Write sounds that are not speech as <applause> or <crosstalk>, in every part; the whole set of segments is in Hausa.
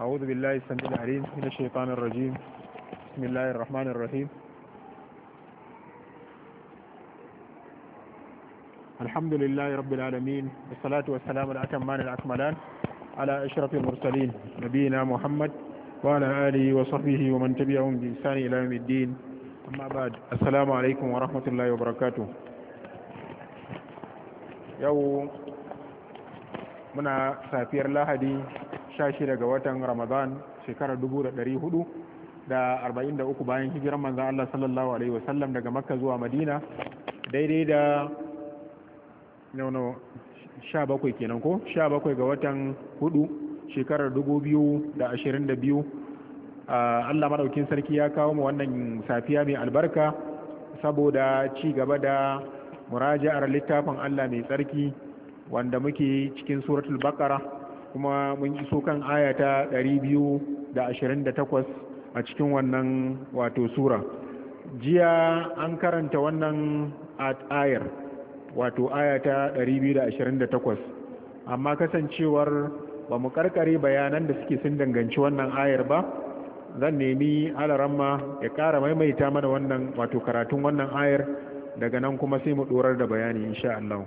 أعوذ بالله السميع العليم من الشيطان الرجيم بسم الله الرحمن الرحيم الحمد لله رب العالمين والصلاة والسلام الأتمان الأكملان على أشرف المرسلين نبينا محمد وعلى آله وصحبه ومن تبعهم بإحسان إلى يوم الدين أما بعد السلام عليكم ورحمة الله وبركاته يوم muna safiyar lahadi 16 ga watan ramadan shekarar 443 bayan hijiran manzan Allah sallallahu alaihi wasallam daga makka zuwa madina daidai da sha bakwai 17 kenan ko 17 ga watan 4 shekarar 2022 Allah maɗaukin sarki ya kawo mu wannan safiya mai albarka saboda ci gaba da muraja'ar littafin Allah mai tsarki wanda muke cikin suratul bakara kuma mun iso kan aya ta 228 a cikin wannan wato sura jiya an karanta wannan ayar wato aya ta 228 amma kasancewar ba mu karkare bayanan da suke sun danganci wannan ayar ba zan nemi alaramma ya kara maimaita mana wannan wato karatun wannan ayar daga nan kuma sai mu dorar da bayani insha Allah.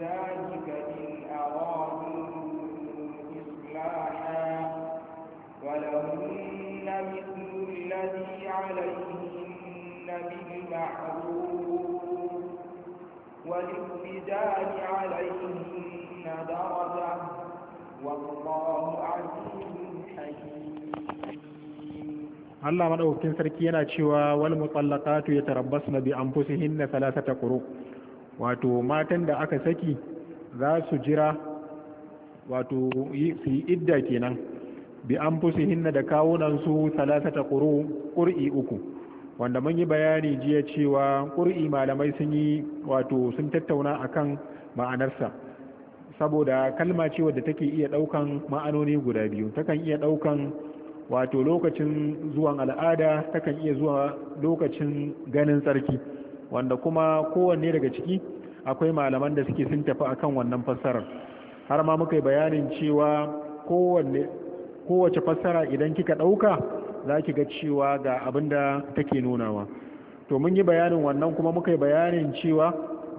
ذلك إن أرادوا إصلاحا ولهن مثل الذي عليهن بالمعروف وللرجال عليهن درجة والله عزيز حكيم الله مدعوكين سركينا شوى والمطلقات يتربصن بأنفسهن ثلاثة قروء wato matan da aka saki za su jira wato su yi idda kenan bi an hinna da kawunansu talatata ƙuri uku wanda mun yi bayani jiya cewa ƙuri malamai sun yi wato sun tattauna akan ma'anarsa saboda kalma ce wadda take iya ɗaukan ma'anoni guda biyu takan iya ɗaukan wato lokacin zuwan al'ada takan iya zuwa lokacin ganin tsarki wanda kuma kowanne daga ciki akwai malaman da suke sun tafi akan wannan fassarar har ma muka yi bayanin cewa kowanne kowace fassara idan kika ɗauka za ki ga cewa ga abin da take nunawa to mun yi bayanin wannan kuma muka yi bayanin cewa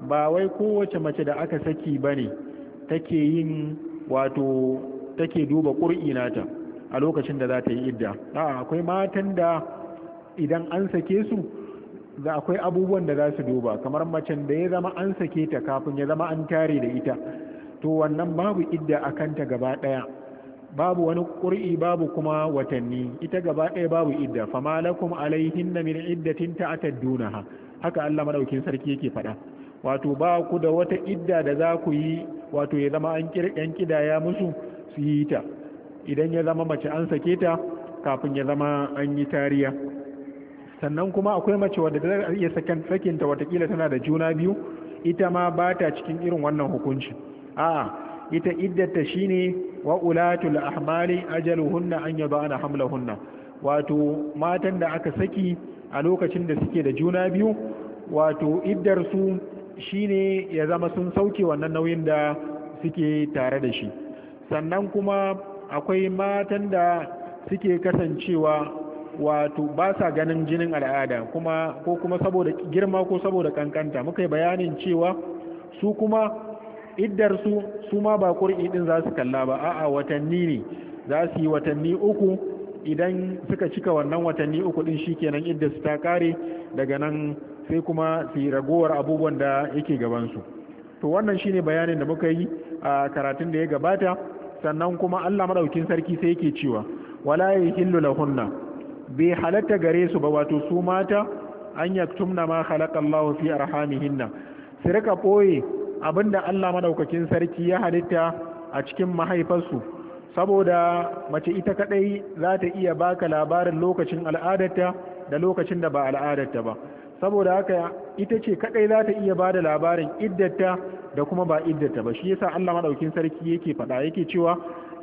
ba wai kowace mace da aka saki ba ne take yin wato take duba ƙur'i nata a lokacin da za ta yi idda a'a akwai matan da idan an sake su da akwai abubuwan da za su duba kamar macen da ya zama an sake ta kafin ya zama an tare da ita to wannan babu idda a kanta gaba ɗaya babu wani ƙuri'i babu kuma watanni ita gaba ɗaya babu idda fama lakum alaihin na min iddatin ta ha? haka Allah madaukin sarki yake faɗa wato ba ku da wata idda da za ku yi wato ya zama an kirkan kidaya musu su yi ta idan ya zama mace an sake ta kafin ya zama an yi tariya sannan kuma akwai mace wadda ta iya sakinta watakila tana da juna biyu ita ma ba ta cikin irin wannan hukunci a'a ita iddata shi ne wa ulatul ahmali hunna an hamla hunna wato matan da aka saki a lokacin da suke da juna biyu wato iddar su shine ya zama sun sauke wannan nauyin da suke tare da shi sannan kuma akwai matan da suke kasancewa wato ba sa ganin jinin al'ada kuma ko kuma saboda girma ko saboda kankanta muka yi bayanin cewa su kuma iddarsu su ma ba kuri din za su kalla ba a'a watanni ne za su yi watanni uku idan suka cika wannan watanni uku din shikenan idda su ta kare daga nan sai kuma su yi ragowar abubuwan da yake gabansu to wannan shine bayanin da muka yi a karatun da ya gabata sannan kuma Allah maɗaukin sarki sai yake cewa wala yahillu lahunna bai halatta gare su ba wato su mata an tumna ma khalaqa fi fi arhamihinna su rika boye abinda Allah madaukakin sarki ya halitta a cikin mahaifarsu saboda mace ita kadai za ta iya baka labarin lokacin al'adarta da lokacin da ba al'adarta ba saboda haka ita ce kadai za ta iya da labarin iddarta da kuma ba iddarta ba shi yasa Allah madaukin sarki yake faɗa yake cewa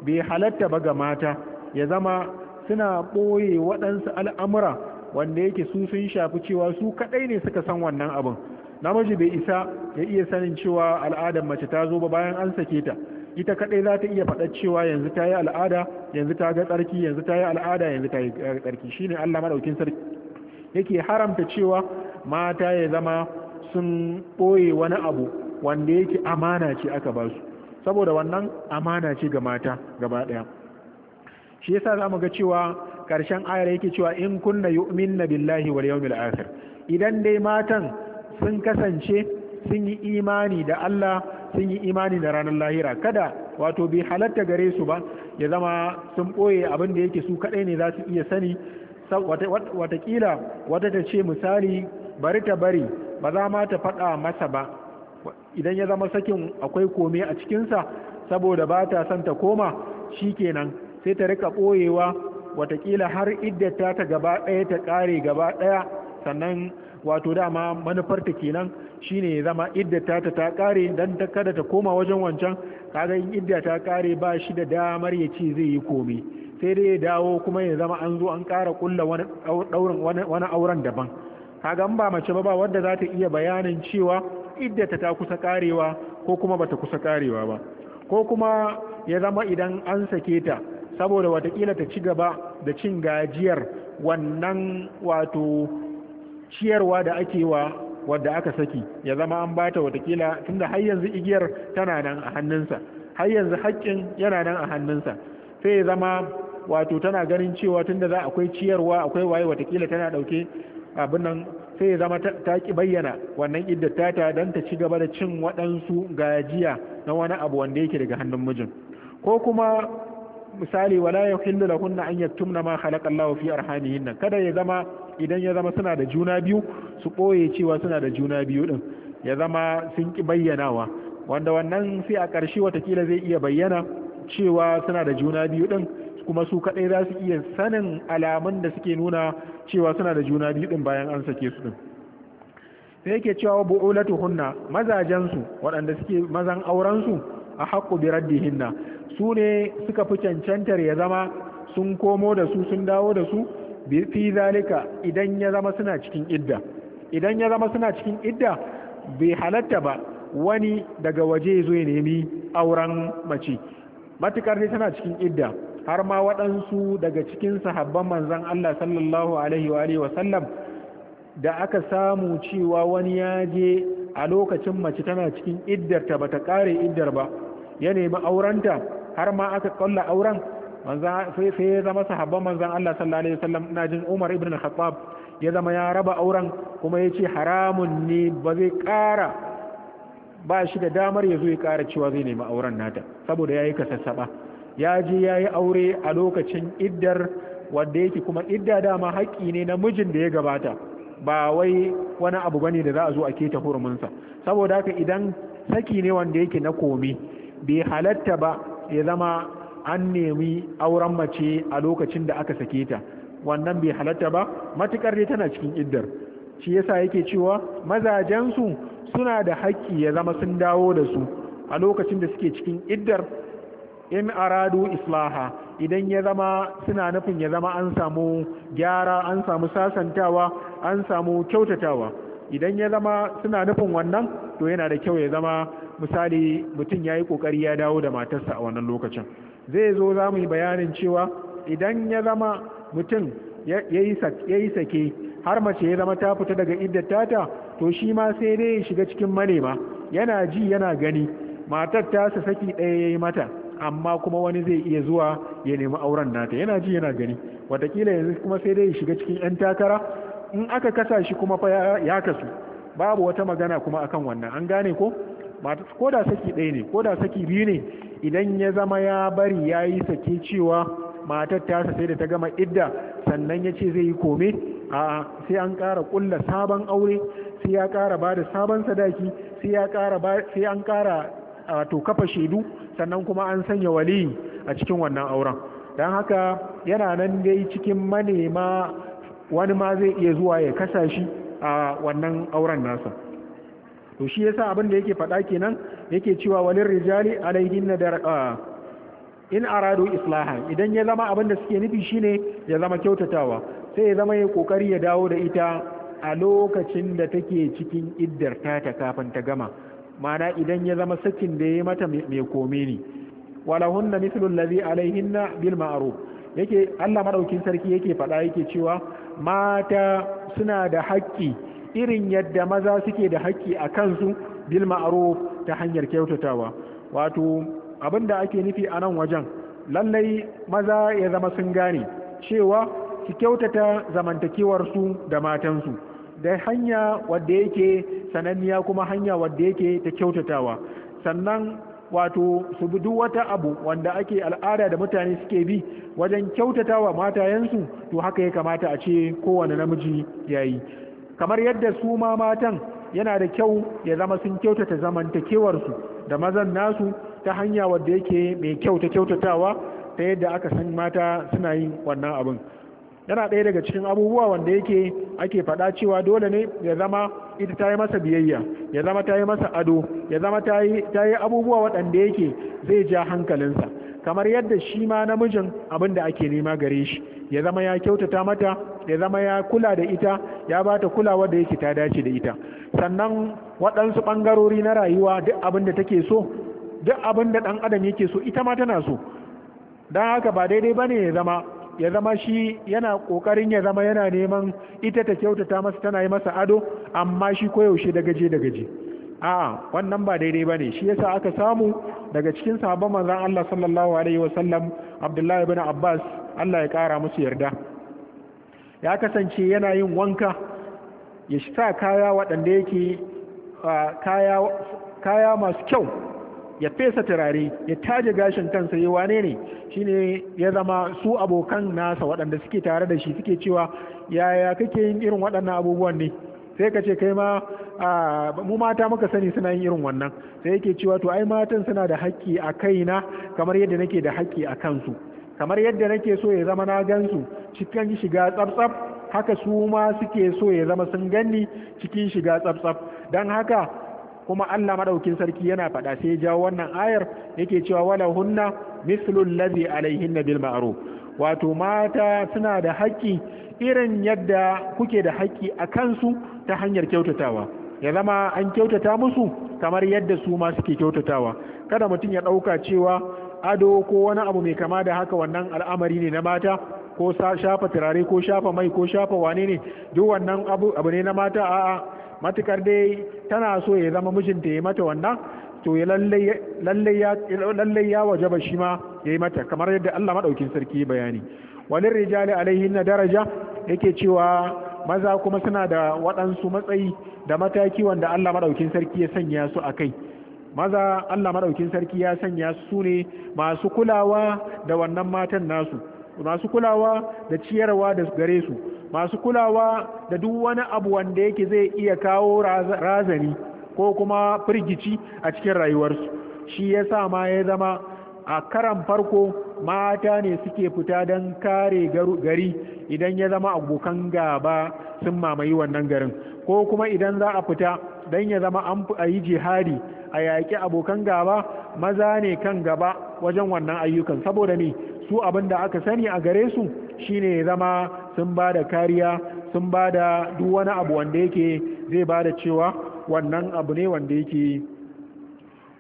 bai halatta ba ga mata ya zama suna ɓoye waɗansu al'amura wanda yake su sun shafi cewa su kaɗai ne suka san wannan abin namiji bai isa ya iya sanin cewa al'adar mace ta zo ba bayan an sake ta ita kaɗai za ta iya faɗa cewa yanzu ta yi al'ada yanzu ta ga tsarki yanzu ta yi al'ada yanzu ta yi tsarki shine Allah maɗaukin sarki yake haramta cewa mata ya zama sun ɓoye wani abu wanda yake amana ce aka ba su saboda wannan amana ce ga mata gaba ɗaya shi yasa mu ga cewa ƙarshen ayar yake cewa in kunna na billahi wal yawmil akhir idan dai matan sun kasance sun yi imani da Allah sun yi imani da ranar lahira kada wato bi halatta gare su ba ya zama sun boye abin da yake su kadai ne za su iya sani watakila wata ta ce misali bari ta bari ba za ma ta faɗa masa ba idan ya zama sakin akwai kome a cikinsa saboda ba ta son ta koma shi kenan sai ta rika ɓoyewa watakila har iddata ta gaba ɗaya ta ƙare gaba ɗaya sannan wato dama manufarta kenan shine ya zama iddata ta ta ƙare don ta kada ta koma wajen wancan kaga in idda ta ƙare ba shi da damar ya ce zai yi komi sai dai ya dawo kuma ya zama an zo an ƙara ƙulla wani auren daban kaga ba mace ba ba wanda za ta iya bayanin cewa iddata ta kusa ƙarewa ko kuma bata kusa ƙarewa ba ko kuma ya zama idan an sake ta saboda watakila ta ci gaba da cin gajiyar wannan wato ciyarwa da ake wa wadda aka saki ya zama an bata watakila tunda har yanzu igiyar tana nan a hannunsa har yanzu haƙƙin yana nan a hannunsa sai ya zama wato tana ganin cewa tunda za akwai ciyarwa akwai waye watakila tana ɗauke abin nan sai ya zama ta ki bayyana wannan ta don ta ci gaba da cin waɗansu gajiya na wani abu wanda yake daga hannun mijin ko kuma misali wala ya yahillu lahunna an na ma khalaqa Allah fi nan kada ya zama idan ya zama suna da juna biyu su ɓoye cewa suna da juna biyu din ya zama sun ki bayyanawa wanda wannan sai a ƙarshe watakila zai iya bayyana cewa suna da juna biyu din kuma su kaɗai za su iya sanin alamun da suke nuna cewa suna da juna biyu din bayan an sake su din sai yake cewa mazajen mazajensu waɗanda suke mazan auren su a haƙƙu bi hinna su ne suka fi cancantar ya zama sun komo da su sun dawo da su bi fi zalika idan ya zama suna cikin idda idan ya zama suna cikin idda bai halatta ba wani daga waje zo ya nemi auren mace matukar ne tana cikin idda har ma waɗansu daga cikin sahabban manzon Allah sallallahu alaihi wa alihi wa da aka samu cewa wani ya je a lokacin mace tana cikin iddarta bata kare iddar ba ya nemi aurenta har ma aka kalla auren sai ya zama sahabban manzan Allah sallallahu alaihi wasallam ina jin Umar ibn al-Khattab ya zama ya raba auren kuma ya ce haramun ne ba zai ƙara ba shi da damar ya zo ya kara cewa zai nemi auren nata saboda ya yi kasassaɓa ya je ya yi aure a lokacin iddar wanda yake kuma idda dama haƙƙi ne na mijin da ya gabata ba wai wani abu bane da za a zo a keta hurumunsa saboda haka idan saki ne wanda yake na komi bai halatta ba ya zama an nemi auren mace a lokacin da aka sake ta wannan bai halatta ba matukar dai tana cikin iddar shi yasa yake cewa mazajensu suna da haƙƙi ya zama sun dawo da su a lokacin da suke cikin iddar in aradu islaha idan ya zama suna nufin ya zama an samu gyara an samu sasantawa an samu kyautatawa idan ya zama suna nufin wannan to yana da kyau ya zama misali mutum ya yi ƙoƙari ya dawo da matarsa a wannan lokacin zai zo za mu yi bayanin cewa idan ya zama mutum ya yi sake har mace ya zama ta fita daga iddar tata to shi ma sai dai ya shiga cikin manema yana ji yana gani matar ta su saki ɗaya ya yi mata amma kuma wani zai iya zuwa ya nemi auren nata yana ji yana gani watakila yanzu kuma sai dai ya shiga cikin 'yan takara in aka kasa shi kuma fa ya kasu babu wata magana kuma akan wannan an gane ko ko da saki ɗaya ne ko da saki biyu ne idan ya zama ya bari ya yi sake cewa matar tasa sai da ta gama idda sannan ya ce zai yi kome a sai an ƙara ƙulla sabon aure sai ya ƙara ba da sabon sadaki sai ya ƙara sai an ƙara wato kafa shaidu sannan kuma an sanya waliyi a cikin wannan auren don haka yana nan dai cikin manema wani ma zai iya zuwa ya kasa shi a wannan auren nasa to shi yasa abin da yake faɗa kenan yake cewa wani rijali alaihin na ah, in aradu islahan idan ya zama abin da suke nufi shine ya zama kyautatawa sai ya zama ya kokari ya dawo da ita a lokacin da take cikin iddar ta kafin ta gama mana idan ya zama sakin da ya mata mai kome ne walahunna mithlu allazi alaihinna bil ma'ruf yake Allah Maɗaukin sarki yake faɗa yake cewa mata suna da haƙƙi irin yadda maza suke da haƙƙi a kansu bil ma'ruf ta hanyar kyautatawa wato abin da ake nufi a nan wajen lallai maza ya zama sun gane cewa su kyautata zamantakewarsu da matansu da hanya wadda yake sananniya kuma hanya wadda yake ta kyautatawa sannan wato su bi duk wata abu wanda ake al'ada da mutane suke bi wajen kyautatawa matayensu to haka ya kamata a ce kowane namiji ya yi. kamar yadda su ma matan yana da kyau ya zama sun kyautata zamantakewarsu da mazan nasu ta hanya wadda yake mai kyau ta kyautatawa ta yadda aka san mata suna yin wannan abin yana ɗaya daga cikin abubuwa wanda yake ake faɗa cewa dole ne ya zama ita ta yi masa biyayya ya zama ta yi masa ado ya zama ta yi abubuwa waɗanda yake zai ja hankalinsa kamar yadda shi ma namijin abin da ake nema gare shi ya zama ya kyautata mata ya zama ya kula da ita ya ba ta kulawa da yake ta dace da ita sannan waɗansu ɓangarori na rayuwa duk abin da take so duk abin da ɗan adam yake so ita ma tana so don haka ba daidai ba ne ya zama ya zama shi yana ƙoƙarin ya zama yana neman ita ta kyautata masa tana yi masa ado amma shi koyaushe da gaje da gaje a'a wannan ba daidai ba ne shi yasa aka samu daga cikin sahabban manzon Allah sallallahu alaihi wasallam Abdullah ibn Abbas Allah ya kara musu yarda ya kasance yana yin wanka ya sa kaya waɗanda yake kaya kaya masu kyau ya fesa turare ya taje gashin kansa yi wane ne shine ya zama su abokan nasa waɗanda suke tare da shi suke cewa yaya kake yin irin waɗannan abubuwan ne sai ka ce kai ma mu mata muka sani suna yin irin wannan sai yake cewa to ai matan suna da haƙƙi a kaina kamar yadda nake da haƙƙi a kansu kamar yadda nake so ya zama na gansu cikin shiga tsabtsab haka su ma suke so ya zama sun ganni cikin shiga tsabtsab don haka kuma Allah madaukin sarki yana faɗa sai ya jawo wannan ayar yake cewa wala hunna mislul ladhi alaihin bil ma'ruf wato mata suna da haƙƙi irin yadda kuke da haƙƙi a kansu ta hanyar kyautatawa ya zama an kyautata musu kamar yadda su ma suke kyautatawa kada mutum ya ɗauka cewa ado ko wani abu mai kama da haka wannan al'amari ne na mata ko shafa turare ko shafa mai ko shafa wane ne duk wannan abu ne na mata a'a matukar dai tana so ya zama mijinta ya mata wannan to ya lalle ya wajaba shi ma ya yi mata kamar yadda Allah maɗaukin sarki bayani wani rijali alaihi na daraja yake cewa maza kuma suna da waɗansu matsayi da mataki wanda Allah maɗaukin sarki ya sanya su a kai maza Allah maɗaukin sarki ya sanya su ne masu kulawa da wannan matan nasu masu kulawa da ciyarwa da gare su masu kulawa da duk wani abu wanda yake zai iya kawo razani ko kuma firgici a cikin rayuwarsu shi ya sa ma ya zama a karan farko mata ne suke fita don kare gari idan ya zama abokan gaba sun mamayi wannan garin ko kuma idan za a fita don ya zama an yi jihadi a yaƙi abokan gaba maza ne kan gaba wajen wannan ayyukan saboda ne su abin da aka sani a gare su shine ya zama sun ba da kariya sun ba da duk wani abu wanda yake zai ba da cewa wannan abu ne wanda yake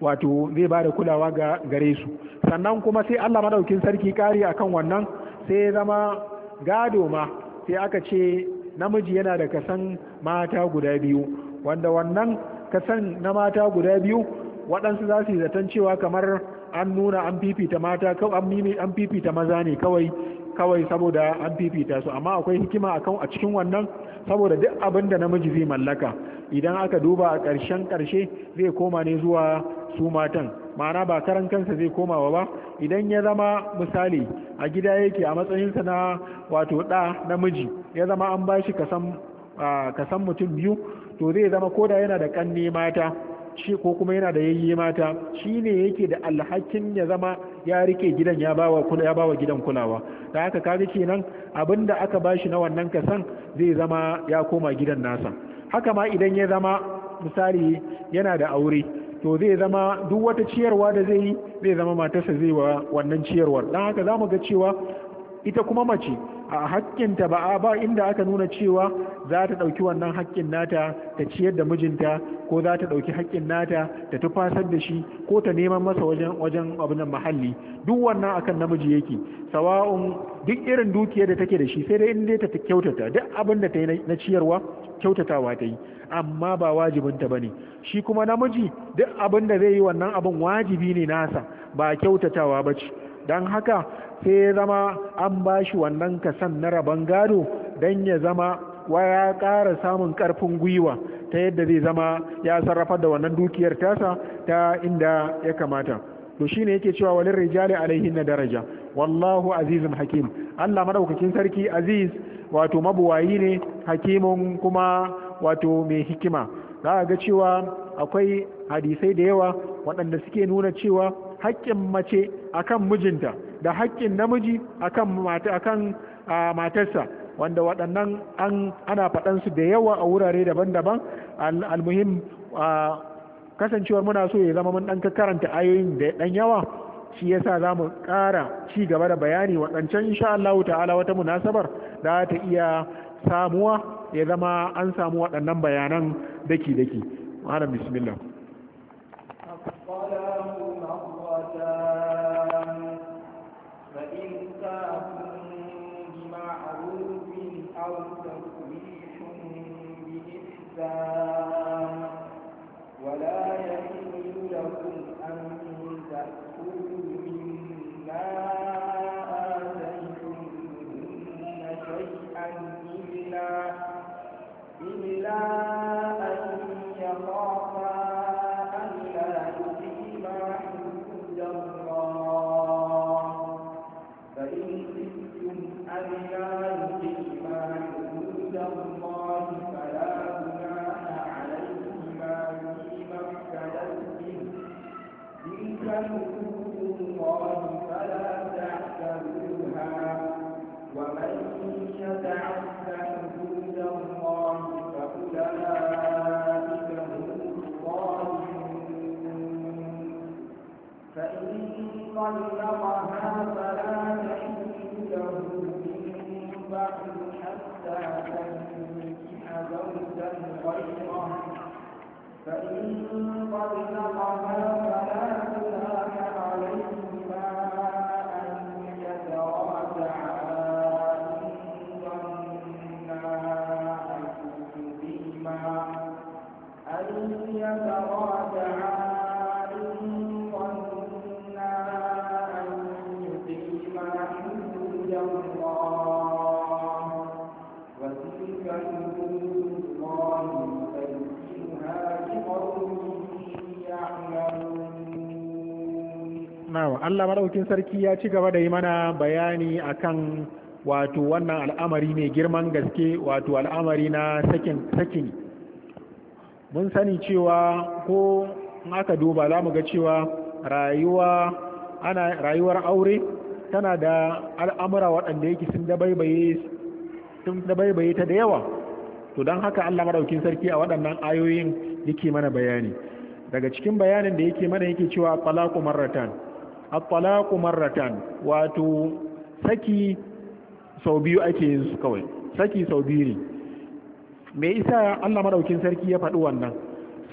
wato zai ba da kulawa ga gare su sannan kuma sai Allah madaukin sarki kari akan wannan sai zama gado ma sai aka ce namiji yana da kasan mata guda biyu wanda wannan kasan na mata guda biyu waɗansu za su yi zaton cewa kamar an nuna an fifita mata an fifita maza ne kawai kawai saboda an fifita su amma akwai hikima a kan a cikin wannan saboda duk abin da namiji zai mallaka idan aka duba a ƙarshen ƙarshe zai koma ne zuwa su matan ma'ana ba karan kansa zai koma ba idan ya zama misali a gida yake a matsayinsa na wato ɗa namiji ya zama an bashi shi kasan mutum biyu to zai zama koda yana da ƙanne mata shi ko kuma yana da yayi mata shi ne yake da alhakin ya zama ya rike gidan ya bawa kula ya bawa gidan kulawa da haka kaga kenan abinda aka bashi na wannan kasan zai zama ya koma gidan nasa haka ma idan ya zama misali yana da aure to zai zama duk wata ciyarwa da zai yi zai zama matarsa zai wa wannan ciyarwar dan haka za mu ga cewa ita kuma mace a hakkin ta ba ba inda aka nuna cewa za ta ɗauki wannan hakkin nata ta ciyar da mijinta ko za ta ɗauki hakkin nata ta tufasar da shi ko ta neman masa wajen wajen abin muhalli duk wannan akan namiji yake sawa'un duk irin dukiyar da take da shi sai dai in dai ta kyautata duk abin da ta yi na ciyarwa kyautatawa ta yi amma ba wajibin ba ne shi kuma namiji duk abin da zai yi wannan abin wajibi ne nasa ba kyautatawa bace. don haka sai ya zama an ba shi wannan kasan na rabon gado don ya zama ya ƙara samun karfin gwiwa ta yadda zai zama ya sarrafa da wannan dukiyar tasa ta inda ya kamata to shine yake cewa walin rijali alaihin na daraja wallahu azizun hakim allah madaukakin sarki aziz wato mabuwayi ne hakimun kuma wato mai hikima za a ga cewa akwai hadisai da yawa waɗanda suke nuna cewa haƙƙin mace a kan mijinta da haƙƙin namiji a kan matarsa wanda waɗannan ana faɗansu da yawa a wurare daban-daban almuhim kasancewar muna so ya zama mun ɗan karanta ayoyin da ɗan yawa shi yasa za mu ƙara ci gaba da bayani waɗancan insha Allah ta'ala wata munasabar da ta iya samuwa ya zama an samu waɗannan bayanan daki-daki. Malam bismillah. النساء Allah maɗaukin sarki ya ci gaba da yi mana bayani akan wato wannan al'amari mai girman gaske wato al'amari na sakin mun sani cewa ko in aka duba za mu ga cewa rayuwar aure tana da al'amura waɗanda yake sun dabaibaye ta da yawa to don haka Allah maraukin sarki a waɗannan ayoyin yake mana bayani daga cikin bayanin da yake mana yake cewa talaqu marratan at-talaqu marratan wato saki sau biyu ake yin su kawai saki sau biyu ne me isa Allah madaukin sarki ya faɗi wannan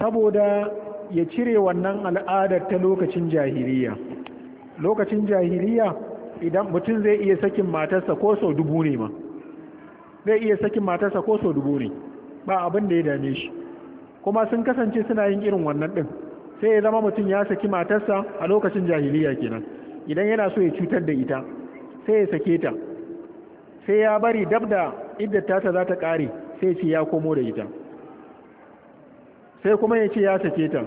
saboda ya cire wannan al'adar ta lokacin jahiliya lokacin jahiliya idan mutum zai iya sakin matarsa ko sau dubu ne ma zai iya sakin matarsa ko sau dubu ne ba abin da ya dame shi kuma sun kasance suna yin irin wannan din sai ya zama mutum ya saki matarsa a lokacin jahiliya kenan idan yana so ya cutar da ita sai ya sake ta sai ya bari dab da iddata ta za ta kare sai ce ya komo da ita sai kuma ya ce ya sake ta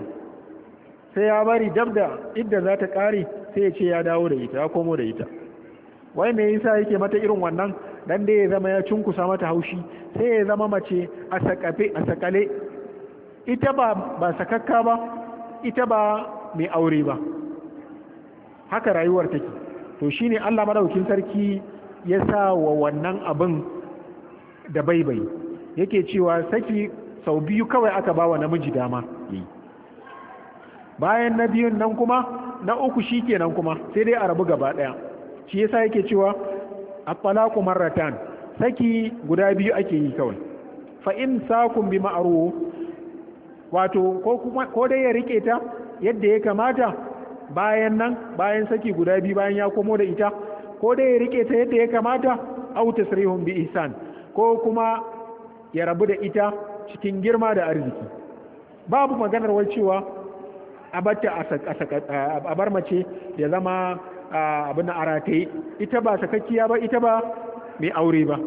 sai ya bari dab da idda za ta kare sai ya ce ya dawo da ita ya komo da ita wai me yasa yake mata irin wannan dan da ya zama ya cunkusa mata haushi sai ya zama mace a sakafe a sakale ita ba ba sakakka ba ita ba mai aure ba haka rayuwar take to shine Allah maɗaukin sarki ya sa wa wannan abin da baibai yake cewa saki sau biyu kawai aka ba wa namiji dama bayan na biyun nan kuma na uku shi kenan kuma sai dai a rabu gaba daya shi yasa yake cewa ɓala talaqu marratan saki guda biyu ake yi kawai fa in sakum bi ma'ruf wato ko dai ya rike ta yadda ya kamata bayan nan bayan saki guda biyu bayan ya komo da ita ko dai ya rike ta yadda ya kamata au tasrihum bi ihsan ko kuma ya rabu da ita cikin girma da arziki babu maganar wai cewa a a bar mace ya zama abu na arataye ita ba sakakkiya ba ita ba mai aure ba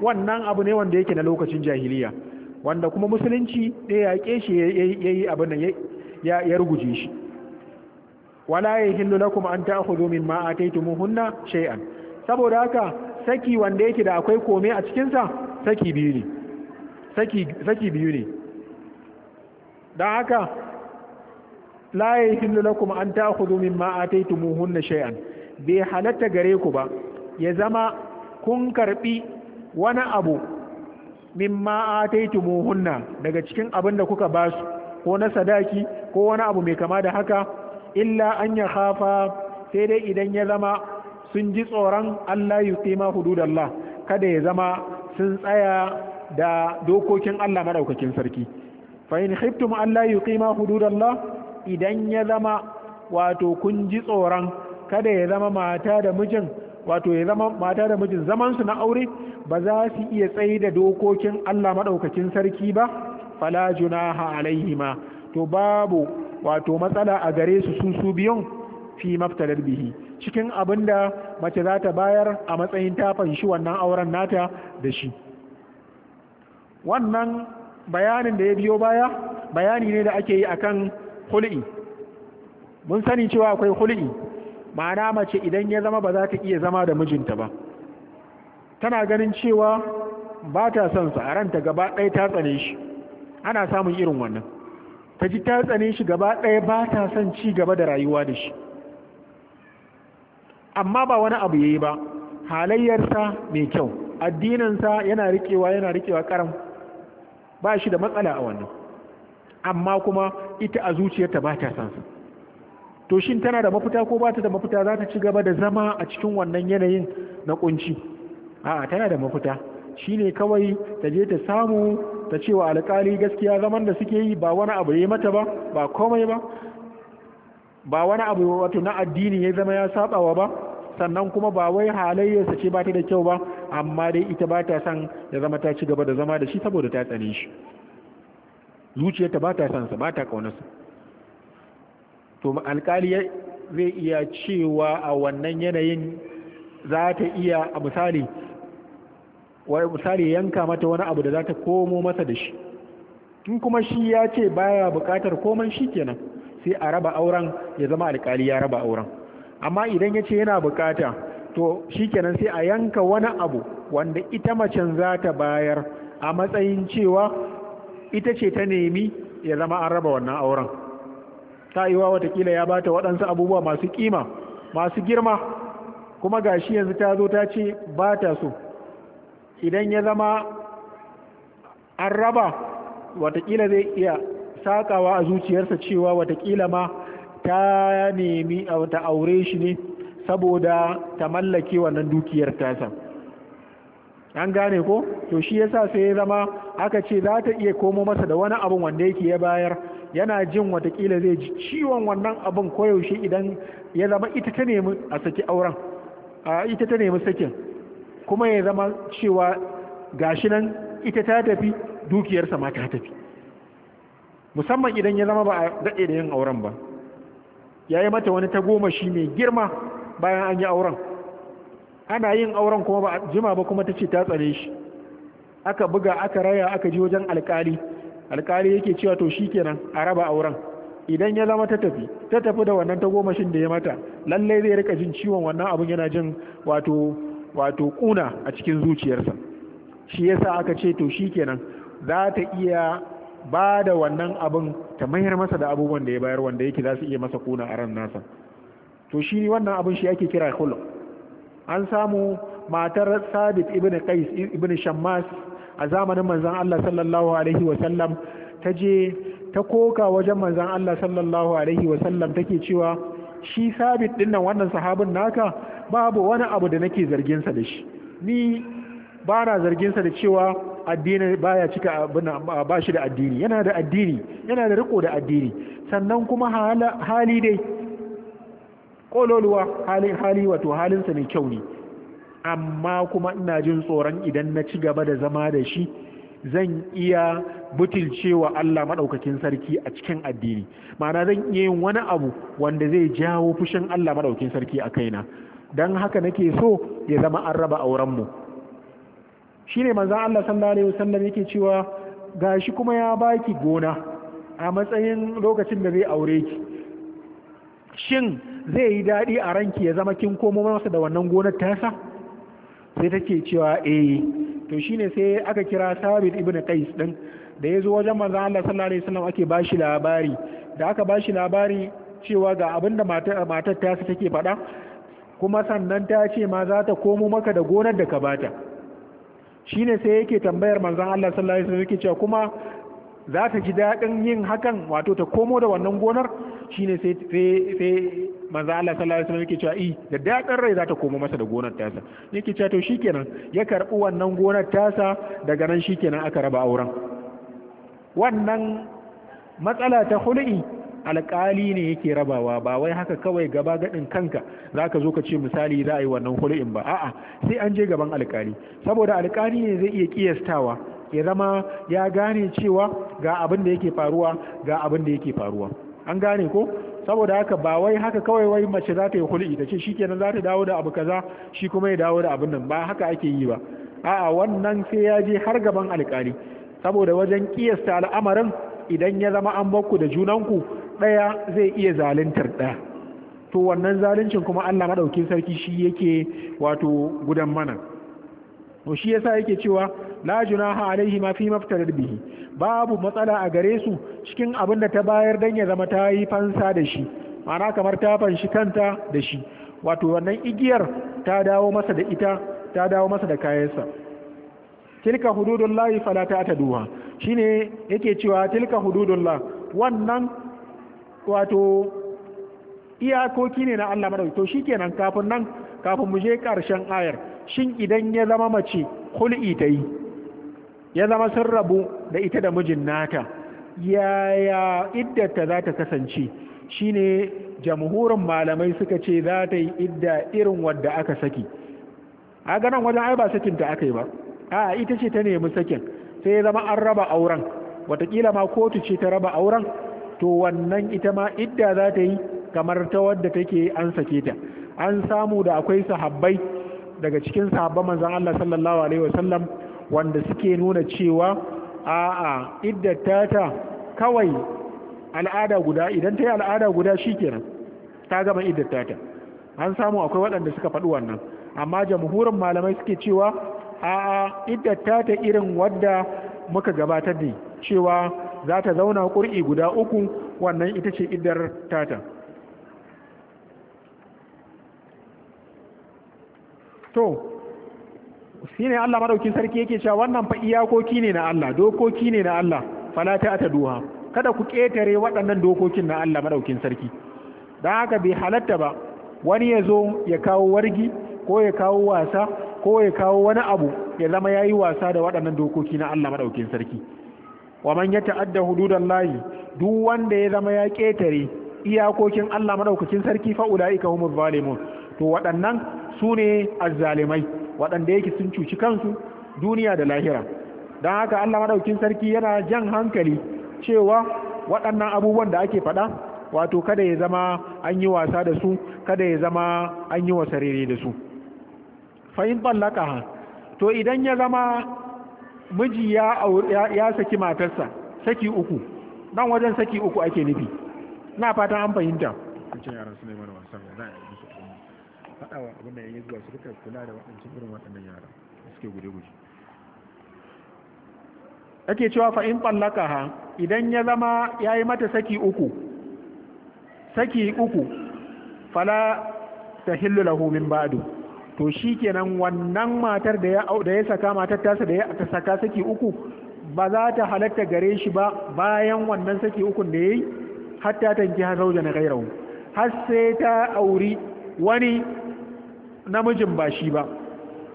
wannan abu ne wanda yake na lokacin jahiliya wanda kuma musulunci ɗaya ya ke shi ya yi abin da ya ruguje shi wala ya hillu kuma an ta'khudhu min ma hunna shay'an saboda haka saki wanda yake da akwai kome a cikinsa saki biyu ne saki biyu ne dan haka la ya hillu kuma an ta'khudhu min ma hunna shay'an bai halatta gare ku ba ya zama kun karbi wani abu mimma tumuhunna daga cikin abin da kuka ba su ko na sadaki ko wani abu mai kama da haka illa an ya khafa sai dai idan ya zama sun ji tsoron Allah yuqima hududallah kada ya zama sun tsaya da dokokin Allah madaukakin sarki fa in khiftum alla yuqima hududallah idan ya zama wato kun ji tsoron kada ya zama mata da mijin wato ya zama mata da mijin zaman na aure ba za su iya tsaye da dokokin Allah maɗaukacin sarki ba fala junaha alaihima to babu wato matsala a gare su su su biyun fi maftalar bihi cikin abin da mace za ta bayar a matsayin tafan shi wannan auren nata da shi wannan bayanin da ya biyo baya bayani ne da ake yi akan hul'i mun sani cewa akwai hul'i ma'ana mace idan ya zama ba za ta iya zama da mijinta ba tana ganin cewa ba ta son sa a ranta gaba ɗaya ta tsane shi ana samun irin wannan ta ji ta tsane shi gaba ɗaya ba ta son ci gaba da rayuwa da shi amma ba wani abu yayi ba halayyarsa mai kyau addininsa yana riƙewa yana riƙewa karam ba shi da matsala a wannan amma kuma ita a zuciyarta ba ta sa to shin tana da mafita ko ba ta da mafita za ta ci gaba da zama a cikin wannan yanayin na kunci a tana da mafita shine kawai ta je ta samu ta cewa alƙali gaskiya zaman da suke yi ba wani abu ya mata ba ba komai ba ba wani abu wato na addini ya zama ya sabawa ba sannan kuma ba wai halayyarsa ce ba ta da kyau ba amma dai ita ba ta son ya zama ta ci gaba da zama da shi saboda ta tsane shi zuciyarta ba ta son sa ba ta sa to alƙali zai iya cewa a wannan yanayin za ta iya a misali wai misali yanka mata wani abu da za ta komo masa da shi in kuma shi ya ce baya buƙatar komai shi kenan sai a raba auren ya zama alƙali ya raba auren amma idan ya ce yana buƙata, to shi kenan sai a yanka wani abu wanda ita macen za ta bayar a matsayin cewa ita ce ta nemi ya zama an raba wannan auren ta watakila ya bata waɗansu abubuwa masu kima masu girma kuma gashi yanzu ta zo ta ce ba ta so idan ya zama an raba watakila zai iya sakawa a zuciyarsa cewa watakila ma ta nemi ta aure shi ne saboda ta mallake wannan dukiyar tasa an gane ko to shi yasa sai ya zama aka ce za ta iya komo masa da wani abin wanda yake ya bayar yana jin watakila zai ji ciwon wannan abin koyaushe idan ya zama ita ta nemi a saki auren a ita ta nemi sakin kuma ya zama cewa gashi nan ita ta tafi dukiyarsa ma ta tafi musamman idan ya zama ba a daɗe da yin auren ba ya yi mata wani tagomashi mai girma bayan an yi auren ana yin auren kuma ba jima ba kuma ta ce ta tsare shi aka buga aka raya aka ji wajen alkali alkali yake cewa to shi kenan a raba auren idan ya zama ta tafi ta tafi da wannan tagomashin da ya mata lallai zai rika jin ciwon wannan abun yana jin wato wato kuna a cikin zuciyarsa shi yasa aka ce to shikenan za ta iya ba da wannan abin ta mayar masa da abubuwan da ya bayar wanda yake za su iya masa kuna a ran nasa to shi wannan abin shi ake kira khulu an samu matar sabit ibn qais ibn shammas a zamanin manzon Allah sallallahu alaihi wa sallam ta je ta koka wajen manzon Allah sallallahu alaihi wa sallam take cewa shi sabit din nan wannan sahabin naka babu wani abu da nake zargin sa da shi ni ba na zargin sa da cewa addini baya cika ba shi da addini yana da addini yana da riko da addini sannan kuma hali dai kololuwa hali hali wato halin sa mai kyau ne amma kuma ina jin tsoron idan na ci gaba da zama da shi zan iya butulcewa Allah maɗaukakin sarki a cikin addini ma'ana zan iya yin wani abu wanda zai jawo fushin Allah maɗaukakin sarki a kaina don haka nake so ya zama an raba aurenmu shi ne manzan Allah sallallahu alaihi wasallam yake cewa gashi kuma ya baki gona a matsayin lokacin da zai aure ki shin zai yi daɗi a ranki ya zama kin komo masa da wannan gonar tasa sai take cewa eh to shine sai aka kira sabit ibn qais din da ya zo wajen manzan Allah sallallahu alaihi wasallam ake bashi labari da aka bashi labari cewa ga abin da matar ta take faɗa kuma sannan ta ce ma za ta komo maka da gonar da ka bata shine sai yake tambayar manzan Allah sallallahu alaihi wasallam yake cewa kuma za ta ji daɗin yin hakan wato ta komo da wannan gonar shine sai sai manzan Allah sallallahu alaihi wasallam yake cewa eh da dadin rai za ta komo masa da gonar tasa yake cewa to shikenan ya karbi wannan gonar tasa daga nan shikenan aka raba auren wannan matsala ta hul'i alƙali ne yake rabawa ba wai haka kawai gaba gaɗin kanka za ka zo ka ce misali za a yi wannan hulɗin ba a'a sai an je gaban alƙali saboda alƙali ne zai iya ƙiyastawa ya zama ya gane cewa ga abin da yake faruwa ga abin da yake faruwa an gane ko saboda haka ba wai haka kawai wai mace za ta yi hulɗi ta ce shikenan za ta dawo da abu kaza shi kuma ya dawo da abin nan ba haka ake yi ba a'a wannan sai ya je har gaban alƙali saboda wajen kiyasta al'amarin idan ya zama an bakku da junanku ɗaya zai iya zaluntar ɗaya to wannan zaluncin kuma Allah maɗaukin sarki shi yake wato gudan mana to shi yasa yake cewa la junaha alaihi ma fi maftarar bihi babu matsala a gare su cikin abin da ta bayar dan ya zama ta yi fansa da shi ma'ana kamar ta fanshi kanta da shi wato wannan igiyar ta dawo masa da ita ta dawo masa da kayansa tilka hududullahi fala ta'taduha shine yake cewa tilka hududullah wannan wato iyakoki ne na Allah madauki to shikenan kafin nan kafin mu je karshen ayar shin idan ya zama mace hul'i ta yi ya zama sun rabu da ita da mijin nata yaya iddata za ta kasance shine jamhurin malamai suka ce za ta yi idda irin wadda aka saki a ganin wajen ai ba sakinta aka yi ba a ita ce ta nemi sakin sai ya zama an raba auren watakila ma kotu ce ta raba auren to wannan ita ma idda za ta yi kamar ta wadda take an sake ta an samu da akwai sahabbai daga cikin sahabban manzon Allah sallallahu alaihi wasallam wanda suke nuna cewa a'a idda ta kawai al'ada guda idan ta yi al'ada guda shikenan ta gama iddar ta an samu akwai waɗanda suka faɗi wannan amma jamhurin malamai suke cewa a'a idda ta irin wadda muka gabatar da cewa za ta zauna ƙur'i guda uku wannan ita ce iddar tata to shi ne Allah maɗaukin sarki yake cewa wannan fa iyakoki ne na Allah dokoki ne na Allah fala ta ta duha kada ku ƙetare waɗannan dokokin na Allah maɗaukin sarki don haka bai halatta ba wani ya zo ya kawo wargi ko ya kawo wasa ko ya kawo wani abu ya zama ya yi wasa da waɗannan dokoki na Allah Maɗaukin sarki wa man ya ta'adda layi, duk wanda ya zama ya ƙetare iyakokin Allah Maɗaukakin sarki fa ulaika humuz zalimun to waɗannan sune azzalimai waɗanda yake sun cuci kansu duniya da lahira don haka Allah Maɗaukin sarki yana jan hankali cewa waɗannan abubuwan da ake faɗa wato kada ya zama an yi wasa da su kada ya zama an yi wasa wasarere da su fahim ballaka to idan ya zama miji ya saki matarsa saki uku nan wajen saki uku ake nufi na fatan an fahimta faɗawa abin da ya zuwa su rika kula da waɗancan irin waɗannan yara da suke guje-guje ake cewa fa'in ɓallaka ha idan ya zama ya yi mata saki uku saki uku fala ta hillu lahu min ba'du to shi kenan wannan matar da ya da ya saka matar tasa da ya saka saki uku ba za ta halatta gare shi ba bayan wannan saki ukun da yayi hatta tanki har zauje na gairawo har sai ta auri wani namijin ba shi ba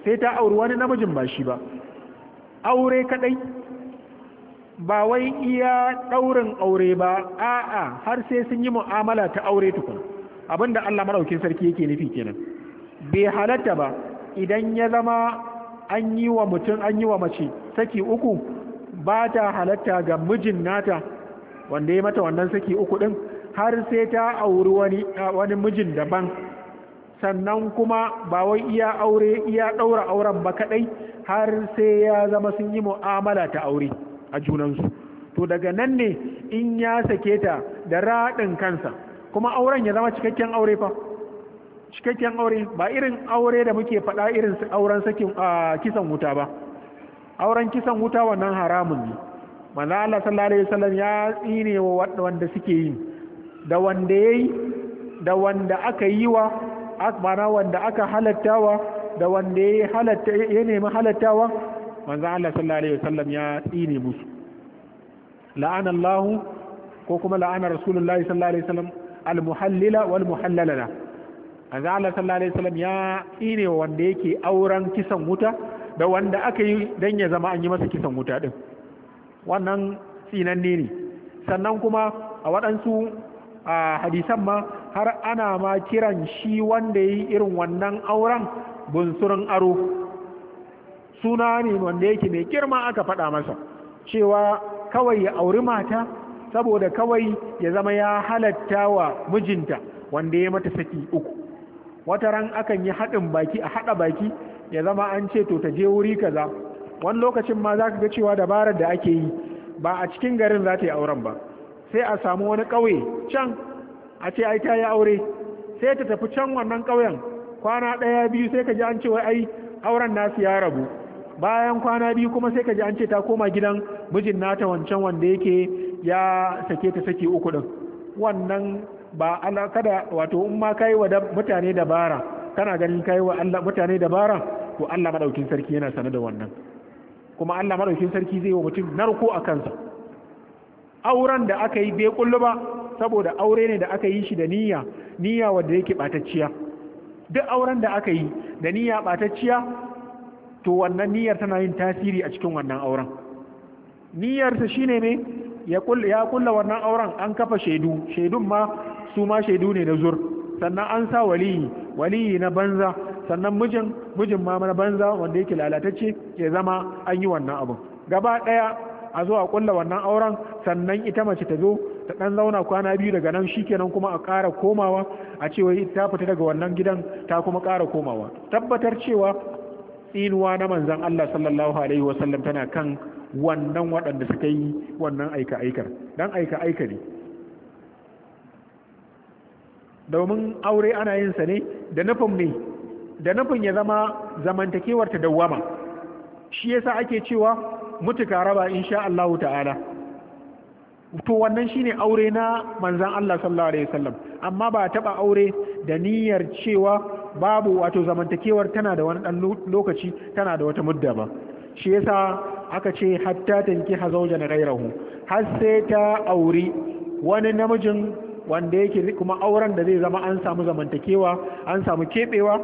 sai ta auri wani namijin ba shi ba aure kadai ba wai iya daurin aure ba a'a har sai sun yi mu'amala ta aure tukun abinda Allah madaukin sarki yake nufi kenan bai halatta ba idan ya zama an yi wa mutum an yi wa mace saki uku ba ta halatta ga mijin nata wanda ya mata wannan saki uku din har sai ta auri wani wani mijin daban sannan kuma ba wai iya aure iya ɗaura auren ba kaɗai har sai ya zama sun yi mu'amala ta aure a junansu to daga nan ne in ya sake ta da raɗin kansa kuma auren ya zama cikakken aure fa cikakken aure ba irin aure da muke faɗa irin auren sakin kisan wuta ba auren kisan wuta wannan haramun ne manzo Allah sallallahu alaihi wasallam ya tsine wa wanda suke yi da wanda yayi da wanda aka yi wa asmana wanda aka halattawa da wanda yayi halatta ya nemi halattawa manzo Allah sallallahu alaihi wasallam ya tsine musu la'ana Allah ko kuma la'ana rasulullahi sallallahu alaihi wasallam al-muhallila wal muhallalala manzo Allah sallallahu alaihi wasallam ya tsine wanda yake auren kisan wuta da wanda aka yi dan ya zama an yi masa kisan wuta din wannan tsinanne ne sannan kuma a waɗansu a hadisan ma har ana ma kiran shi wanda yi irin wannan auren bunsurin aro suna ne wanda yake mai girma aka faɗa masa cewa kawai ya auri mata saboda kawai ya zama ya halatta wa mijinta wanda ya mata saki uku wata ran akan yi haɗin baki a haɗa baki ya zama an ce to ta je wuri kaza wani lokacin ma za ka ga cewa dabarar da ake yi ba a cikin garin za ta yi auren ba sai a samu wani ƙauye can a ce ai ta yi aure sai ta tafi can wannan ƙauyen kwana ɗaya biyu sai ka ji an ce wai ai auren nasu ya rabu bayan kwana biyu kuma sai ka ji an ce ta koma gidan mijin nata wancan wanda yake ya sake ta saki uku ɗin. wannan ba Allah kada wato in ma kai wa mutane dabara kana ganin kai wa Allah mutane dabara to Allah madaukin sarki yana sanar da wannan kuma Allah madaukin sarki zai wa mutum narko a kansa auren da aka yi bai kullu ba saboda aure ne da aka yi shi da niyya niyya wanda yake batacciya duk auren da aka yi da niyya batacciya to wannan niyyar tana yin tasiri a cikin wannan auren niyyarsa shine ne ya kulla wannan auren an kafa shaidu shaidun ma su ma shaidu ne na zur sannan an sa waliyi waliyi na banza sannan mijin mijin ma na banza wanda yake lalatacce ya zama an yi wannan abu gaba daya a zo a kulla wannan auren sannan ita mace ta zo ta dan zauna kwana biyu daga nan shikenan kuma a ƙara komawa a cewa ta fita daga wannan gidan ta kuma ƙara komawa tabbatar cewa tsinuwa na manzon Allah sallallahu alaihi wasallam tana kan wannan waɗanda suka yi wannan aika aikar dan aika aika ne domin aure ana yin sa ne da nufin ne da nufin ya zama zamantakewar ta dawwama shi yasa ake cewa mutuka raba insha Allah ta'ala to wannan shine aure na manzan Allah sallallahu alaihi wasallam amma ba taba aure da niyyar cewa babu wato zamantakewar tana da wani dan lokaci tana da wata mudda ba shi yasa aka ce hatta tanki hazaujan ghairahu har sai ta auri wani namijin wanda yake kuma auren da zai zama an samu zamantakewa an samu kebewa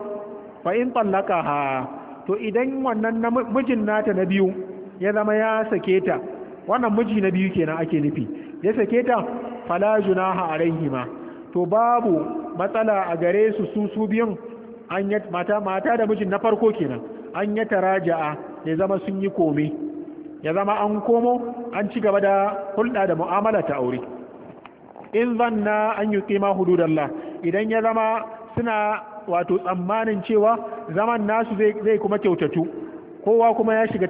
fa in tallaka ha to idan wannan mijin nata na biyu ya zama ya sake ta wannan miji na biyu kenan ake nufi ya sake ta fala junaha alaihima to babu matsala a gare su su su biyun an ya mata mata da mijin na farko kenan an yi taraja'a ya zama sun yi kome ya zama an komo an ci gaba da hulɗa da mu'amala ta aure in zanna an yi kima hududallah idan ya zama suna wato tsammanin cewa zaman nasu zai kuma kyautatu kowa kuma ya shiga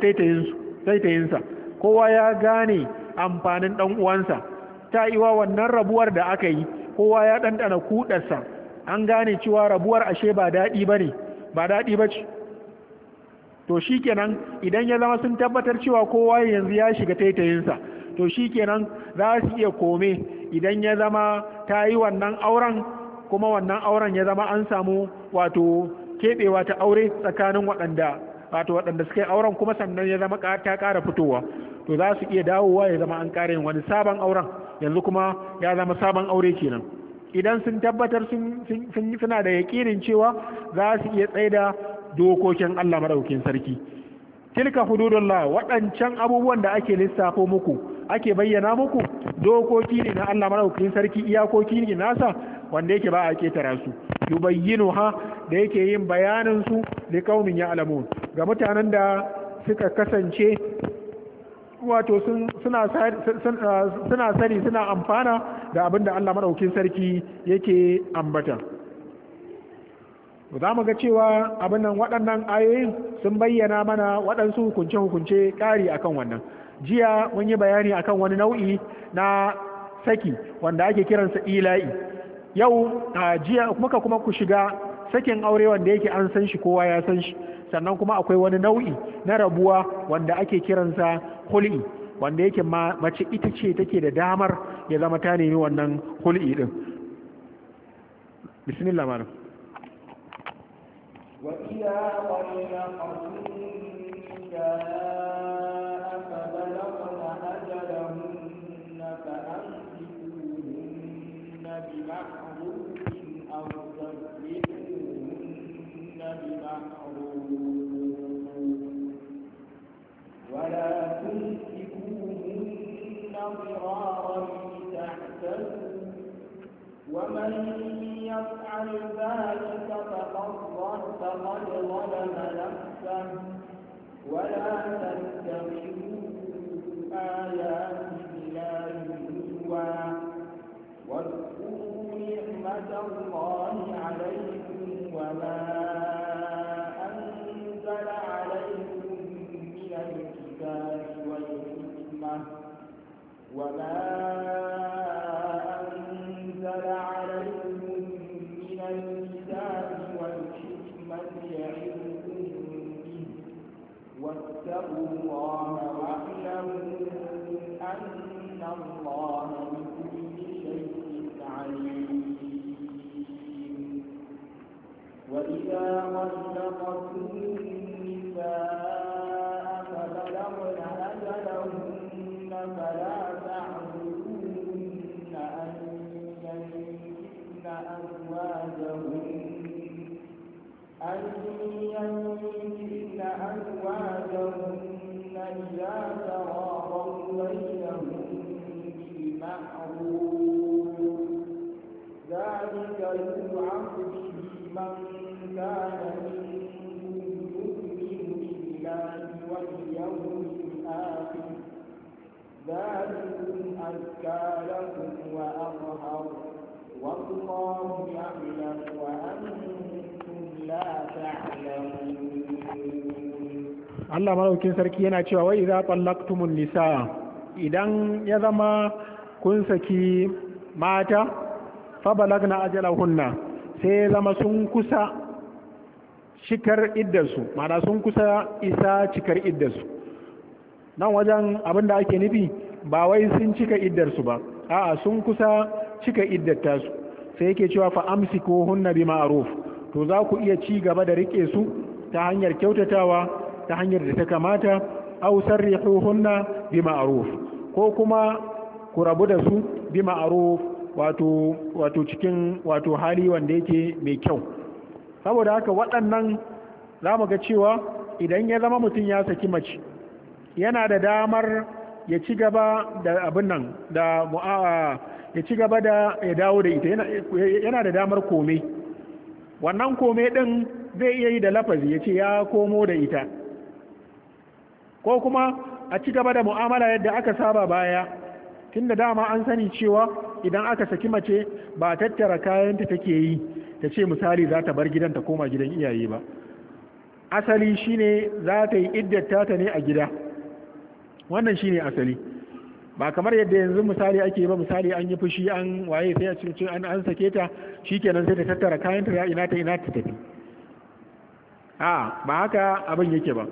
taitayinsa kowa ya gane amfanin dan uwansa ta iwa wannan rabuwar da aka yi kowa ya ɗanɗana kuɗarsa an gane cewa rabuwar ashe ba daɗi ba ne ba daɗi ba ce to shi kenan idan ya zama sun tabbatar cewa kowa yanzu ya shiga taitayinsa to shi kenan za su iya kome idan ya zama ta yi wannan auren kuma wannan auren ya zama an samu wato keɓewa ta aure tsakanin waɗanda wato waɗanda suka yi auren kuma sannan ya zama ta ƙara fitowa to za su iya dawowa ya zama an ƙara yin wani sabon auren yanzu kuma ya zama sabon aure kenan idan sun tabbatar suna da yaƙinin cewa za su iya tsaida dokokin Allah maɗaukin sarki tilka hududullah waɗancan abubuwan da ake lissafo muku ake bayyana muku dokoki ne na Allah madaukakin sarki iyakoki ne nasa wanda yake ba a ketara su yubayyinu ha da yake yin bayanin su li qaumin ya'lamun ga mutanen da suka kasance wato suna sani ah, suna amfana da abin da Allah madaukakin sarki yake ambata za mu ga cewa abin nan waɗannan ayoyin sun bayyana mana waɗansu hukunce-hukunce ƙari akan wannan jiya mun yi bayani akan wani nau'i na saki wanda ake kiransa ila'i yau a jiya muka kuma ku shiga sakin aure wanda yake an san shi kowa ya san shi sannan kuma akwai wani nau'i na rabuwa wanda ake kiransa hul'i wanda yake mace ita ce take da damar ya zama ta nemi wannan hul'i din bismillah malam ومن يفعل ذلك فقد فقد ظلم نفسه ولا تتخذوا آيات الله هزوا واذكروا نعمة الله عليكم وما أنزل عليكم من الكتاب والحكمة وما أن الله بكل شيء عليم وإذا طلقتم النساء فبلغن أجلهن فلا تعبدوهن أن ينكحن أزواجهن أن أزكى لكم وأظهر والله يعلم وأنتم لا تعلمون Allah maraukin sarki yana cewa wai za tallaqtumun nisa idan ya zama kun saki mata fa balagna ajalahunna sai ya zama sun kusa shikar iddarsu mana sun kusa isa cikar iddarsu nan wajen abin da ake nufi ba wai sun cika iddarsu ba a'a sun kusa cika iddar su sai yake cewa fa Amsi ko hunna bi ma'ruf to za ku iya ci gaba da rike su ta hanyar kyautatawa ta hanyar da ta kamata aw hunna bi ma'ruf ko kuma ku rabu da su bi ma'ruf wato wato cikin wato hali wanda yake mai kyau saboda haka waɗannan za mu ga cewa idan ya zama mutum ya saki mace yana da damar ya ci gaba da abin nan da mu'a ya ci gaba da ya dawo da ita yana da damar kome wannan kome din zai iya yi da lafazi ya ce ya komo da ita ko kuma a ci gaba da mu'amala yadda aka saba baya tun da dama an sani cewa idan aka saki mace ba tattara kayanta take yi ta ce misali za ta bar gidan ta koma gidan iyaye ba asali shine za ta yi iddata ta ne a gida wannan shine asali ba kamar yadda yanzu misali ake ba misali an yi fushi an waye sai a cikin an an sake ta shikenan sai ta tattara kayan ta ina ta ina ta tafi a ba haka abin yake ba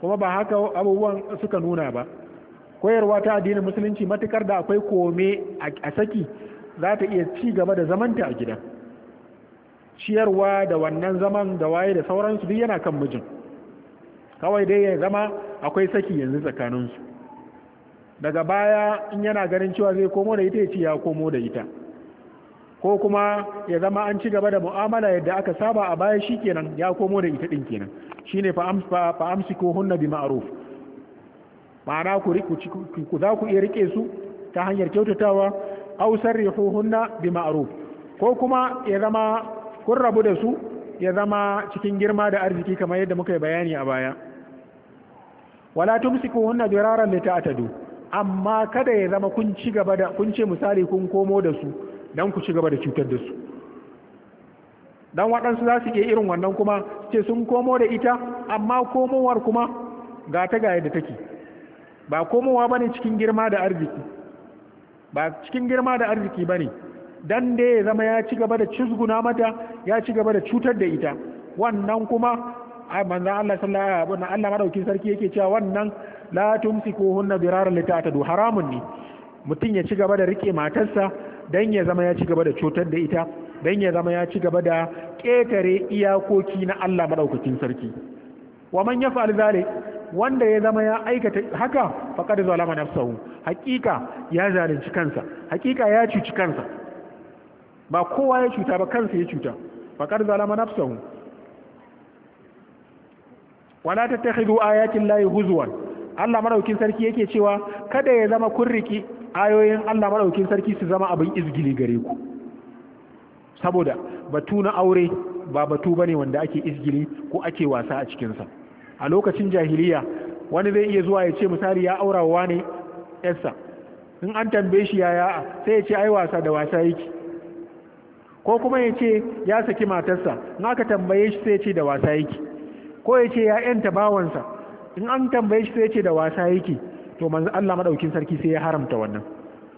kuma ba haka abubuwan suka nuna ba koyarwa ta addinin musulunci matukar da akwai kome a saki za ta iya ci gaba da zamanta a gida ciyarwa da wannan zaman da waye da sauransu duk yana kan mijin kawai dai ya zama akwai saki yanzu tsakaninsu daga baya in yana ganin cewa zai komo da ita ya ce ya komo da ita ko kuma ya zama an ci gaba da mu'amala yadda aka saba a baya shi kenan ya komo da ita din kenan shi ne fa’amsi ko hunna bi ma’aruf ma'ana ku za ku iya rike su ta hanyar kyautatawa aw hunna bi ma’aruf ko kuma ya zama kun rabu da su ya zama cikin girma da arziki kamar yadda muka yi bayani a baya wala tumsikuhunna diraran litatadu amma kada ya zama kun ci gaba da kun ce misali kun komo da su dan ku ci gaba da cutar da su dan waɗansu za su ke irin wannan kuma ce sun komo da ita amma komowar kuma ga ta ga yadda take ba komowa bane cikin girma da arziki ba cikin girma da arziki bane dan da ya zama ya ci gaba da cizguna mata ya ci gaba da cutar da ita wannan kuma a manzan Allah sallallahu alaihi Allah madaukin sarki yake cewa wannan la tumsikuhunna biraran du haramun ni. mutum ya ci gaba da rike matarsa dan ya zama ya ci gaba da cutar da ita dan ya zama ya ci gaba da ketare iyakoki na Allah madaukakin sarki wa man yaf'al zalik wanda ya zama ya aikata haka faqad zalama nafsahu hakika ya zalunci kansa hakika ya cuci kansa ba kowa ya cuta ba kansa ya cuta faƙar zalama nafsahu wala tattakhidhu ayatin layi huzwan Allah madaukin sarki yake cewa kada ya zama kun riki ayoyin Allah madaukin sarki su zama abin izgili gare ku saboda batu na aure ba batu bane wanda ake izgili ko ake wasa a cikinsa. a lokacin jahiliya wani zai iya zuwa ya ce misali ya aurawa ne yarsa in an tambaye shi yaya sai ya ce ai wasa da wasa yake ko kuma ya ce ya saki matarsa in aka tambaye shi sai ce da wasa yake ko ya ce ya yanta bawansa in an tambaye shi sai ce da wasa yake to manzo Allah madaukin sarki sai ya haramta wannan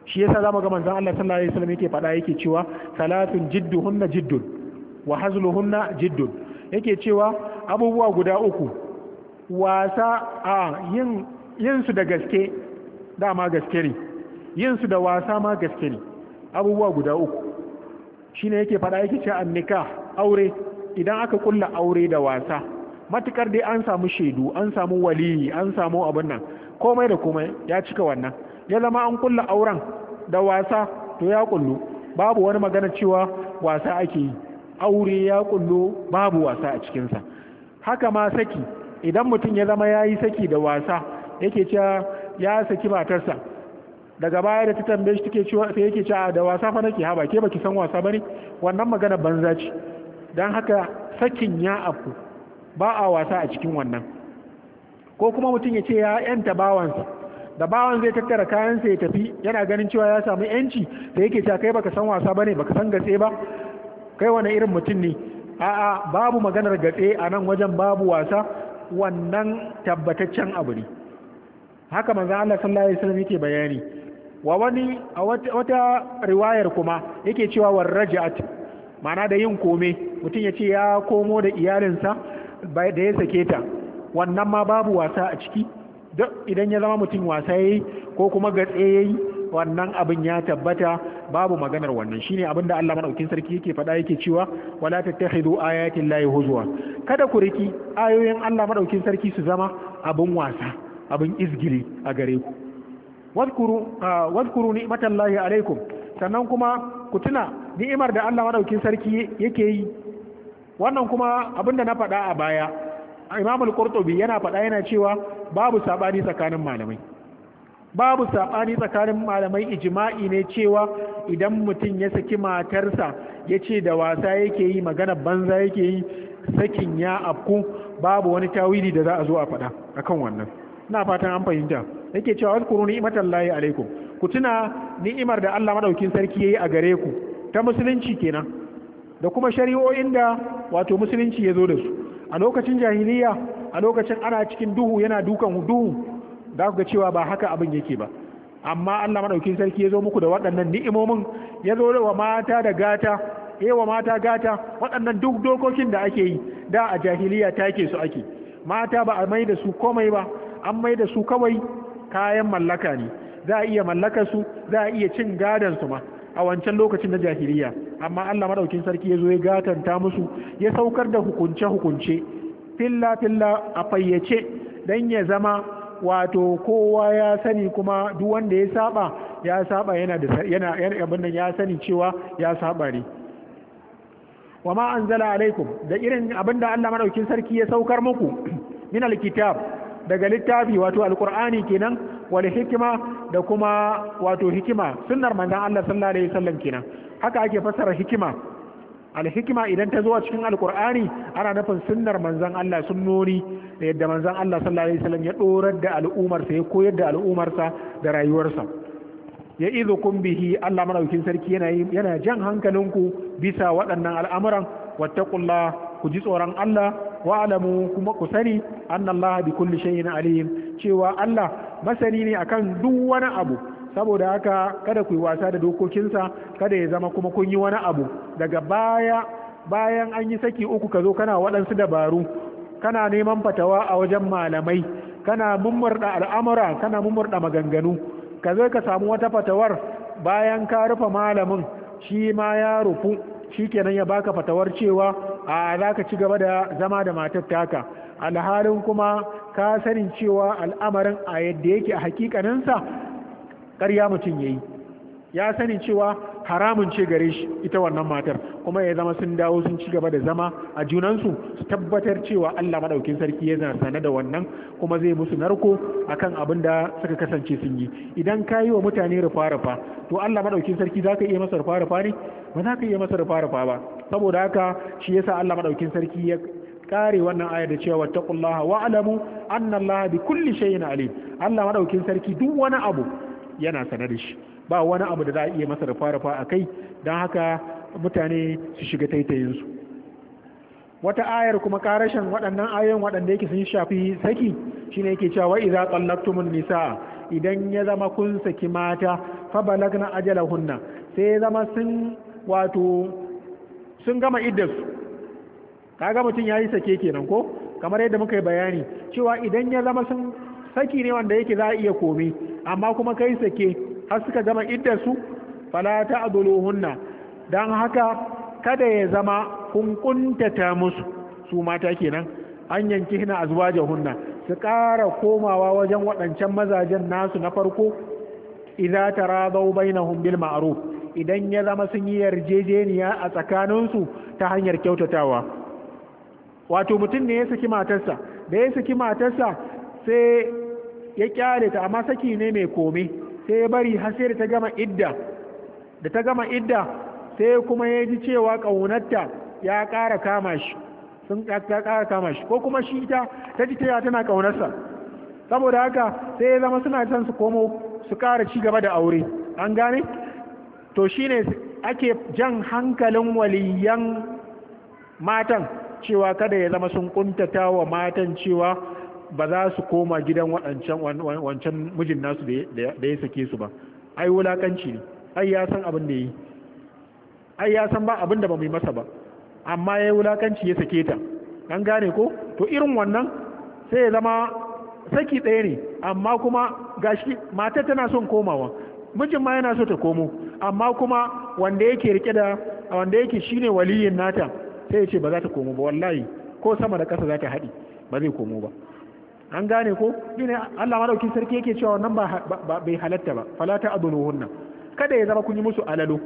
shi yasa zamu ga manzo Allah sallallahu alaihi wasallam yake faɗa yake cewa salatun jidduhunna jiddun wa hazluhunna jiddun yake cewa abubuwa guda uku wasa a yin yin su da gaske dama gaske ne yin su da wasa ma gaske ne abubuwa guda uku shine yake fada yake ce an nika aure idan aka kulla aure da wasa matukar dai an samu shaidu an samu waliyi an samu abin nan komai da komai ya cika wannan ya zama an kulla auren da wasa to ya kullu babu wani magana cewa wasa ake yi aure ya kullu babu wasa a cikinsa haka ma saki idan mutum ya zama ya yi saki da wasa yake cewa ya saki matarsa daga baya da ta tambaye shi take cewa sai yake cewa da wasa fa nake ba ke baki san wasa bane wannan magana banza ce dan haka sakin ya afu ba a wasa a cikin wannan ko kuma mutum ya ce ya yanta bawansa da bawan zai tattara kayansa ya tafi yana ganin cewa ya samu yanci Sai yake cewa kai baka san wasa bane baka san gatse ba kai wani irin mutum ne a'a babu maganar gatse a nan wajen babu wasa wannan tabbataccen abu ne haka manzo Allah sallallahu alaihi wasallam yake bayani wa wani a wata riwayar kuma yake cewa war raja'at ma'ana da yin kome mutum ya ce ya komo da iyalinsa da ya sake ta wannan ma babu wasa a ciki duk idan ya zama mutum wasa yi, ko kuma gatse yi, wannan abin ya tabbata babu maganar wannan shine abin da Allah madaukin sarki yake faɗa yake cewa wala tattakhidu ayatin lahi huzwa kada ku riki ayoyin Allah maɗaukin sarki su zama abin wasa abin izgiri a gare ku wadkuru ah, ni'matallahi alaikum sannan kuma ku tuna ni'imar da Allah madaukin sarki yake yi wannan kuma abinda na faɗa a baya Imam al-Qurtubi yana faɗa yana cewa babu sabani tsakanin malamai babu sabani tsakanin malamai Ijima'i ne cewa idan mutum ya saki matarsa ya ce da wasa yake yi magana banza yake yi sakin ya afku babu wani tawili da za a zo a faɗa akan wannan na fatan an fahimta yake cewa wadkuru ni'matan layi alaikum ku tuna ni'imar da Allah madaukin sarki ya yi a gare ku ta musulunci kenan da kuma shari'o'in da wato musulunci ya zo da su a lokacin jahiliya a lokacin ana cikin duhu yana dukan duhu za ku ga cewa ba haka abin yake ba amma Allah madaukin sarki ya zo muku da waɗannan ni'imomin ya zo wa mata da gata eh wa mata gata waɗannan duk dokokin da ake yi da a jahiliya take su ake mata ba a mai da su komai ba an mai da su kawai kayan mallaka ne za a iya mallaka su za a iya cin gadon su ma a wancan lokacin na jahiliya amma Allah madaukin sarki ya zo ya gatanta musu ya saukar da hukunce hukunce filla filla a fayyace dan ya zama wato kowa ya sani kuma duk wanda ya saba ya saba yana da abin nan ya sani cewa ya saba ne wa ma anzala alaikum da irin abin da Allah madaukin sarki ya saukar muku <clears throat> min alkitab daga littafi wato alkur'ani kenan wal hikima da kuma wato hikima sunnar manzon Allah sallallahu alaihi wasallam kenan haka ake fassara hikima alhikima idan ta zo a cikin alkur'ani ana nufin sunnar manzon Allah sunnoni da yadda manzon Allah sallallahu alaihi wasallam ya dorar da al'umarsa ya koyar da al'umarsa da rayuwarsa ya izo kun bihi Allah madaukin sarki yana yana jan hankalinku bisa waɗannan al'amuran wattaqullah ku ji tsoron Allah wa alamu kuma ku sani annallaha bi kulli shay'in alim cewa Allah masani ne akan duk wani abu saboda haka kada ku yi wasa da dokokinsa kada ya zama kuma kun yi wani abu daga baya bayan an yi saki uku ka zo kana waɗansu dabaru kana neman fatawa a wajen malamai kana mummurda al'amura kana mummurda maganganu ka zo ka samu wata fatawar bayan ka rufe malamin shi ma ya rufu shi kenan ya baka fatawar cewa a za ka ci gaba da zama da matar taka alhalin kuma ka sanin cewa al'amarin a yadda yake a hakikaninsa ƙarya mutum ya yi ya sanin cewa haramun ce gare shi ita wannan matar kuma ya zama sun dawo sun ci gaba da zama a junansu su tabbatar cewa Allah madaukin sarki yana sane da wannan kuma zai musu narko akan abin da suka kasance sun yi idan ka yi wa mutane rufa-rufa to Allah madaukin sarki za ka iya masa rufa-rufa ne ba za ka iya masa rufa-rufa ba saboda haka shi yasa Allah madaukin sarki ya kare wannan ayar da cewa taqullaha wa'lamu anna Allah bi kulli shay'in alim Allah madaukin sarki duk wani abu yana sane da shi ba wani abu da za a iya masa da fa a kai don haka mutane su shiga taitayinsu wata ayar kuma karashin waɗannan ayoyin waɗanda yake sun shafi saki shine yake cewa idza tsallaktumun nisa idan ya zama kun saki mata fa balagna ajalahunna sai ya zama sun wato sun gama iddarsu kaga mutum yayi sake kenan ko kamar yadda muka yi bayani cewa idan ya zama sun saki ne wanda yake za a iya komai amma kuma kai sake har suka zama iddarsu fala hunna, dan haka kada ya zama kun kuntata musu su mata kenan an yanki hina hunna su ƙara komawa wajen waɗancan mazajen nasu na farko idza taradaw bainahum bil ma'ruf idan ya zama sun yi yarjejeniya a tsakaninsu ta hanyar kyautatawa wato mutum ne ya saki matarsa da ya saki matarsa sai ya kyale ta amma saki ne mai kome sai ya bari har sai da ta gama idda da ta gama idda sai kuma ya ji cewa ƙaunarta ya ƙara kama shi sun ƙara kama shi ko kuma shi ita ta ji cewa tana ƙaunarsa saboda haka sai ya zama suna son su komo su ƙara ci gaba da aure an gane to shine ake jan hankalin waliyan matan cewa kada ya zama sun kuntata wa matan cewa ba za su koma gidan wancan mijin nasu da ya sake su ba ai wulakanci ne ai ya san abin da yi ai ya san ba abin da ba mai masa ba amma ya yi wulakanci ya sake ta an gane ko to irin wannan sai ya zama saki ɗaya ne amma kuma gashi matar tana son komawa mijin ma yana so ta komo amma kuma wanda yake rike da wanda yake shine waliyin nata sai ya ce ba za ta komo ba wallahi ko sama da ƙasa za ta haɗi ba zai komo ba an gane ko shine Allah madaukin sarki yake cewa wannan ba bai halatta ba fala nan. kada ya zama kun yi musu alalo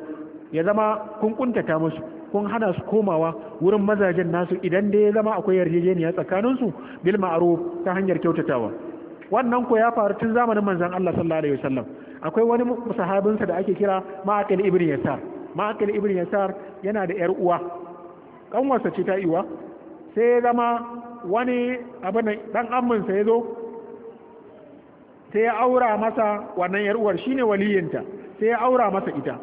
ya zama kun kuntata musu kun hana su komawa wurin mazajen nasu idan dai ya zama akwai yarjejeniya tsakanin su bil ma'ruf ta hanyar kyautatawa wannan ko ya faru tun zamanin manzon Allah sallallahu alaihi wasallam akwai wani sahabinsa da ake kira ma'aqil ibn yasar ma'aqil ibn yasar yana da yar uwa kanwarsa ce ta iwa sai ya zama wani abin dan amminsa ya zo sai ya aura masa wannan yar'uwar shine waliyinta sai ya aura masa ita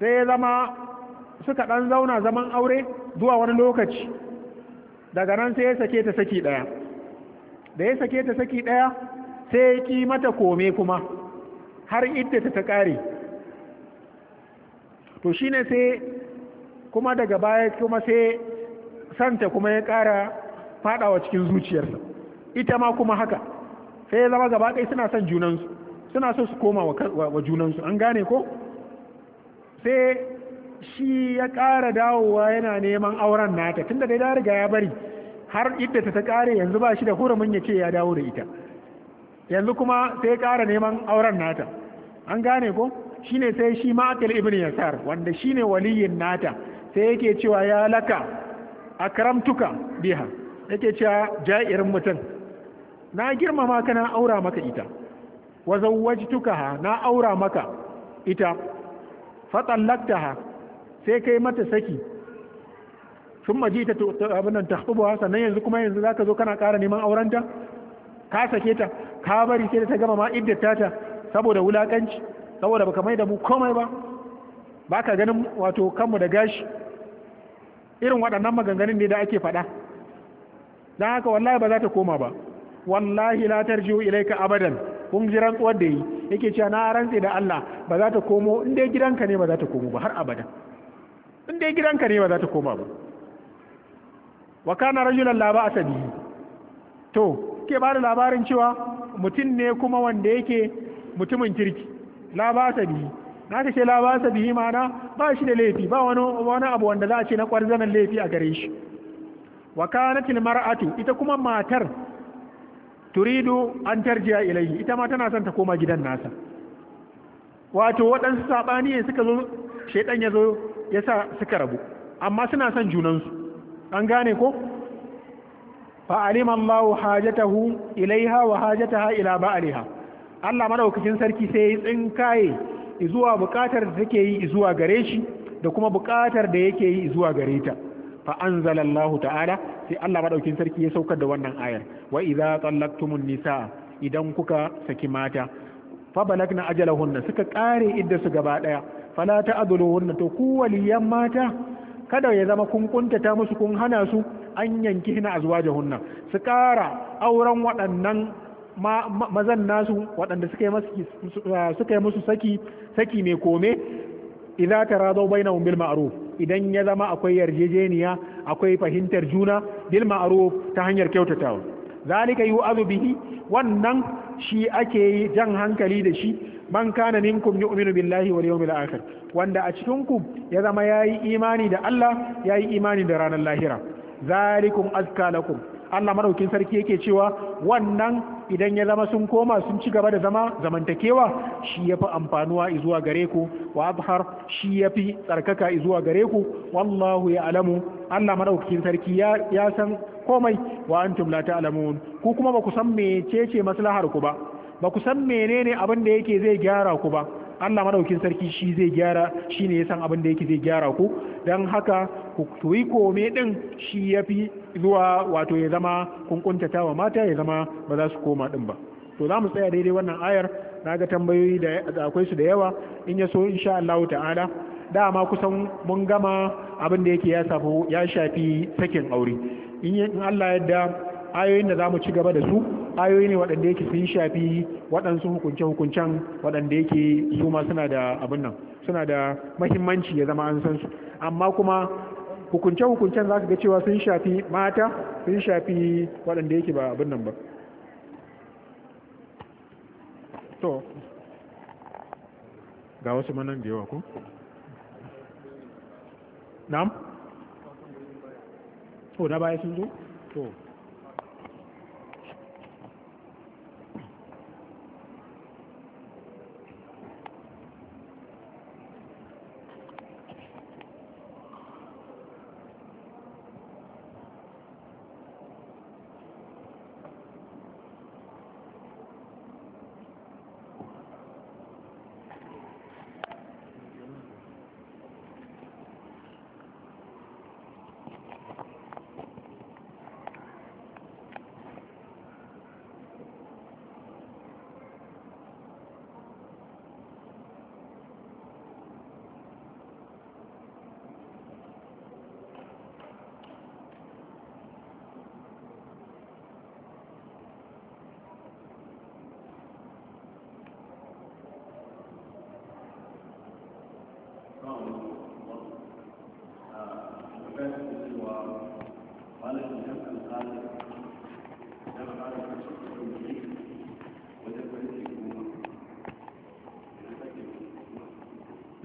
sai ya zama suka dan zauna zaman aure zuwa wani lokaci daga nan sai ya sake ta saki daya da ya sake ta saki daya sai ya ki mata kome kuma har idda ta ta kare to shine sai kuma daga baya kuma sai santa kuma ya ƙara faɗawa cikin zuciyarsa ita ma kuma haka sai ya zama gaba ɗaya suna son junansu suna so su koma wa junansu an gane ko sai shi ya ƙara dawowa yana neman auren nata tunda da da riga ya bari har idda ta ƙare yanzu ba shi da hurumin ya ce ya dawo da ita yanzu kuma sai ya ƙara neman auren nata an gane ko shine sai shi ma'akil ibn yasar wanda shine waliyyin nata sai yake cewa ya laka tuka biha yake cewa ja'irin mutum na girmama ka na aura maka ita wa ha na aura maka ita fatallaktaha sai kai mata saki sun maji ta abinan ta sannan yanzu kuma yanzu za ka zo kana ƙara neman aurenta ka sake ta ka bari sai ta gama ma iddata ta saboda wulaƙanci saboda baka mai da mu komai ba ba ka ganin wato kanmu da gashi irin waɗannan maganganun ne da ake faɗa don haka wallahi ba za ta koma ba wallahi la tarji'u ilaika abadan kun ji rantsuwar da yi yake cewa na rantse da Allah ba za ta komo in dai gidanka ne ba za ta komo ba har abadan. in dai gidanka ne ba za ta koma ba wa kana rajulan laba a bihi to ke ba da labarin cewa mutum ne kuma wanda yake mutumin kirki laba ba'sa bihi na ce la ba sa bihi mana ba shi da laifi ba wani abu wanda za a ce na kwarzanan laifi a gare shi wa kanatil mar'atu ita kuma matar turidu an tarjiya ilayhi ita ma tana son ta koma gidan nasa wato waɗansu saɓani ne suka zo shaidan ya zo ya sa suka rabu amma suna son junansu an gane ko fa alima Allahu hajatahu ilaiha wa hajataha ila ba'aliha Allah madaukakin sarki sai ya tsinkaye zuwa bukatar da take yi zuwa gare shi da kuma bukatar da yake yi zuwa gare ta fa anzalallahu ta'ala sai Allah madaukin sarki ya saukar da wannan ayar wa idza tallaqtumun nisa idan kuka saki mata fa balagna ajalahunna suka kare idda su gaba daya fala ta'dhuluhunna to ku waliyan mata kada ya zama kun kuntata musu kun hana su an yanki hina azwajahunna su kara auren waɗannan mazan nasu waɗanda suka yi musu saki saki mai kome idza taradaw bainahum bil ma'ruf idan ya zama akwai yarjejeniya akwai fahimtar juna bil ma'ruf ta hanyar kyautatawa zalika yu'adhu bihi wannan shi ake jan hankali da shi man kana minkum yu'minu billahi wal yawmil akhir wanda a cikin ku ya zama yayi imani da Allah yayi imani da ranar lahira zalikum azka lakum Allah madaukin sarki yake cewa wannan idan ya zama sun koma sun ci gaba da zama zamantakewa shi ya fi amfanuwa zuwa gare ku wa azhar shi ya fi tsarkaka zuwa gare ku wallahu ya alamu Allah madaukakin sarki ya san komai wa antum la ta'lamun ku kuma ba ku san mecece maslahar ku ba ba ku san menene abin da yake zai gyara ku ba Allah madaukin sarki shi zai gyara shi ne ya san abin da yake zai gyara ku don haka ku yi kome din shi ya fi zuwa wato ya zama kunkuntata wa mata ya zama ba za su koma din ba to za mu tsaya daidai wannan ayar na ga tambayoyi da akwai su da yawa in ya so insha Allah ta'ala dama kusan mun gama abin da yake ya safu ya shafi sakin aure in Allah yadda ayoyin da za mu ci gaba da su ayoyi ne waɗanda yake sun shafi waɗansu hukunce-hukuncen waɗanda yake su ma suna da abin nan suna da mahimmanci ya zama an san su amma kuma hukunce-hukuncen za ka ga cewa sun shafi mata sun shafi waɗanda yake ba abin nan ba to ga wasu manan da yawa ku? na'am to na baya sun zo to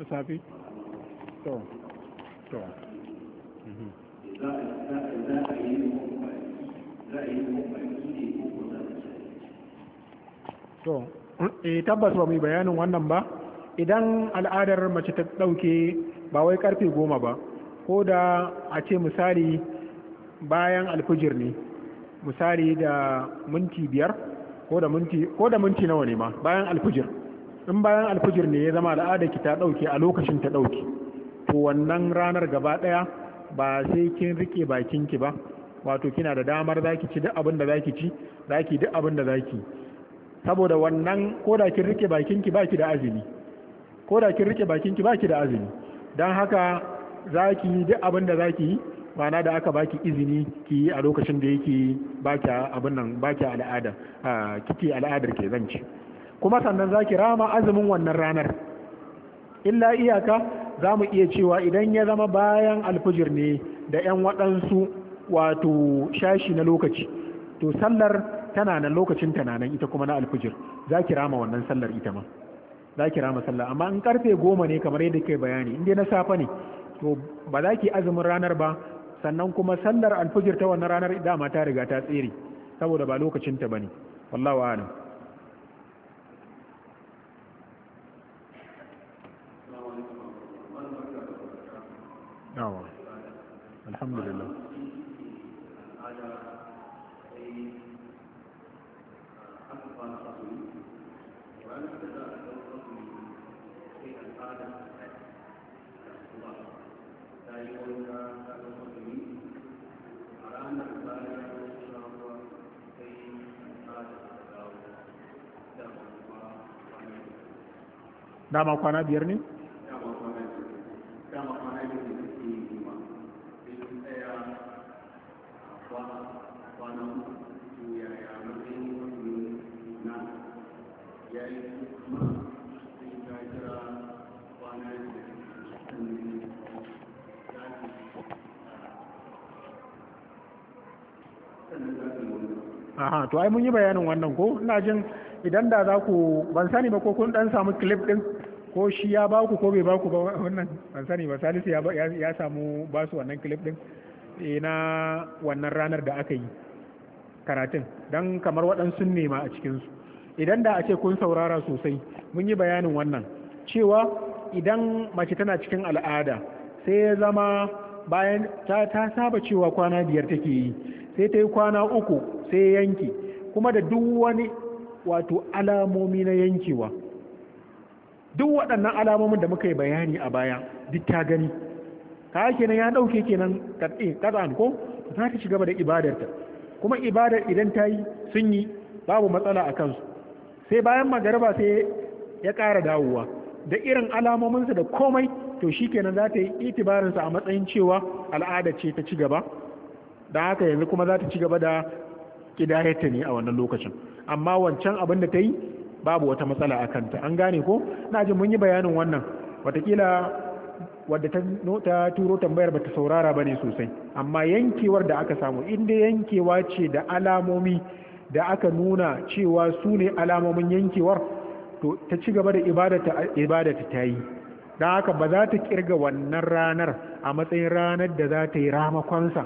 to to to eh tabbas ba mai bayanin wannan ba idan al'adar mace ta ɗauke ba wai karfe goma ba ko da a ce misali bayan alfijir ne misali da minti biyar ko da minti nawa ne ma bayan alfijir in bayan alfijir ne ya zama ki ta ɗauke a lokacin ta ɗauke to wannan ranar gaba ɗaya ba sai kin rike ki ba wato kina da damar zaki ci duk abin da zaki ci zaki duk abin da zaki saboda wannan ko da kin rike ki baki da azumi koda kin rike ki baki da azumi don haka zaki yi duk abin da zaki yi mana da aka baki izini ki yi a lokacin da yake baki abin nan baki al'ada kike al'adar ke zan ci kuma sannan za ki rama azumin wannan ranar illa iyaka za mu iya cewa idan ya zama bayan alfijir ne da 'yan waɗansu wato shashi na lokaci to sallar tana nan lokacin tana ita kuma na alfijir za ki rama wannan sallar ita ma za ki rama sallar amma in karfe goma ne kamar yadda kai bayani inda na safa ne to ba za ki azumin ranar ba sannan kuma sallar alfijir ta wannan ranar dama ta riga ta tsere saboda ba lokacinta ta bane wallahu a'lam نعم الحمد لله dama kwana biyar ne? aha to ai mun yi bayanin wannan ko ina jin idan da za ku ban sani ba ko kun dan samu clip din ko shi ya ba ku ko bai ba ku ba wannan ban sani ba salisu ya samu ba su wannan clip din eh, na wannan ranar da aka yi karatun don kamar waɗansu nema a cikinsu idan da a ce kun saurara sosai mun yi bayanin wannan cewa idan mace tana cikin al'ada sai ya zama bayan ta, saba cewa kwana biyar take yi sai ta yi kwana uku sai ya yanki kuma da duk wani wato alamomi na yankewa duk waɗannan alamomin da muka yi bayani a baya duk ta gani ka nan ya ɗauke kenan ƙazan ko za ta ci gaba da ibadarta kuma ibadar idan ta yi sun yi babu matsala a kansu sai bayan magaraba sai ya ƙara dawowa da irin alamominsa da komai to shi kenan za ta yi itibarinsa a matsayin cewa al'ada ce ta ci gaba da haka yanzu kuma za ta ci gaba da kidayarta ne a wannan lokacin amma wancan abin da ta yi babu wata matsala a kanta an gane ko na ji mun yi bayanin wannan watakila wadda ta turo tambayar ba ta saurara ba ne sosai amma yankewar da aka samu inda yankewa ce da alamomi da aka nuna cewa su ne alamomin yankewar to ta ci gaba da ibadata ta yi don haka ba za ta kirga wannan ranar a matsayin ranar da za ta yi ramakonsa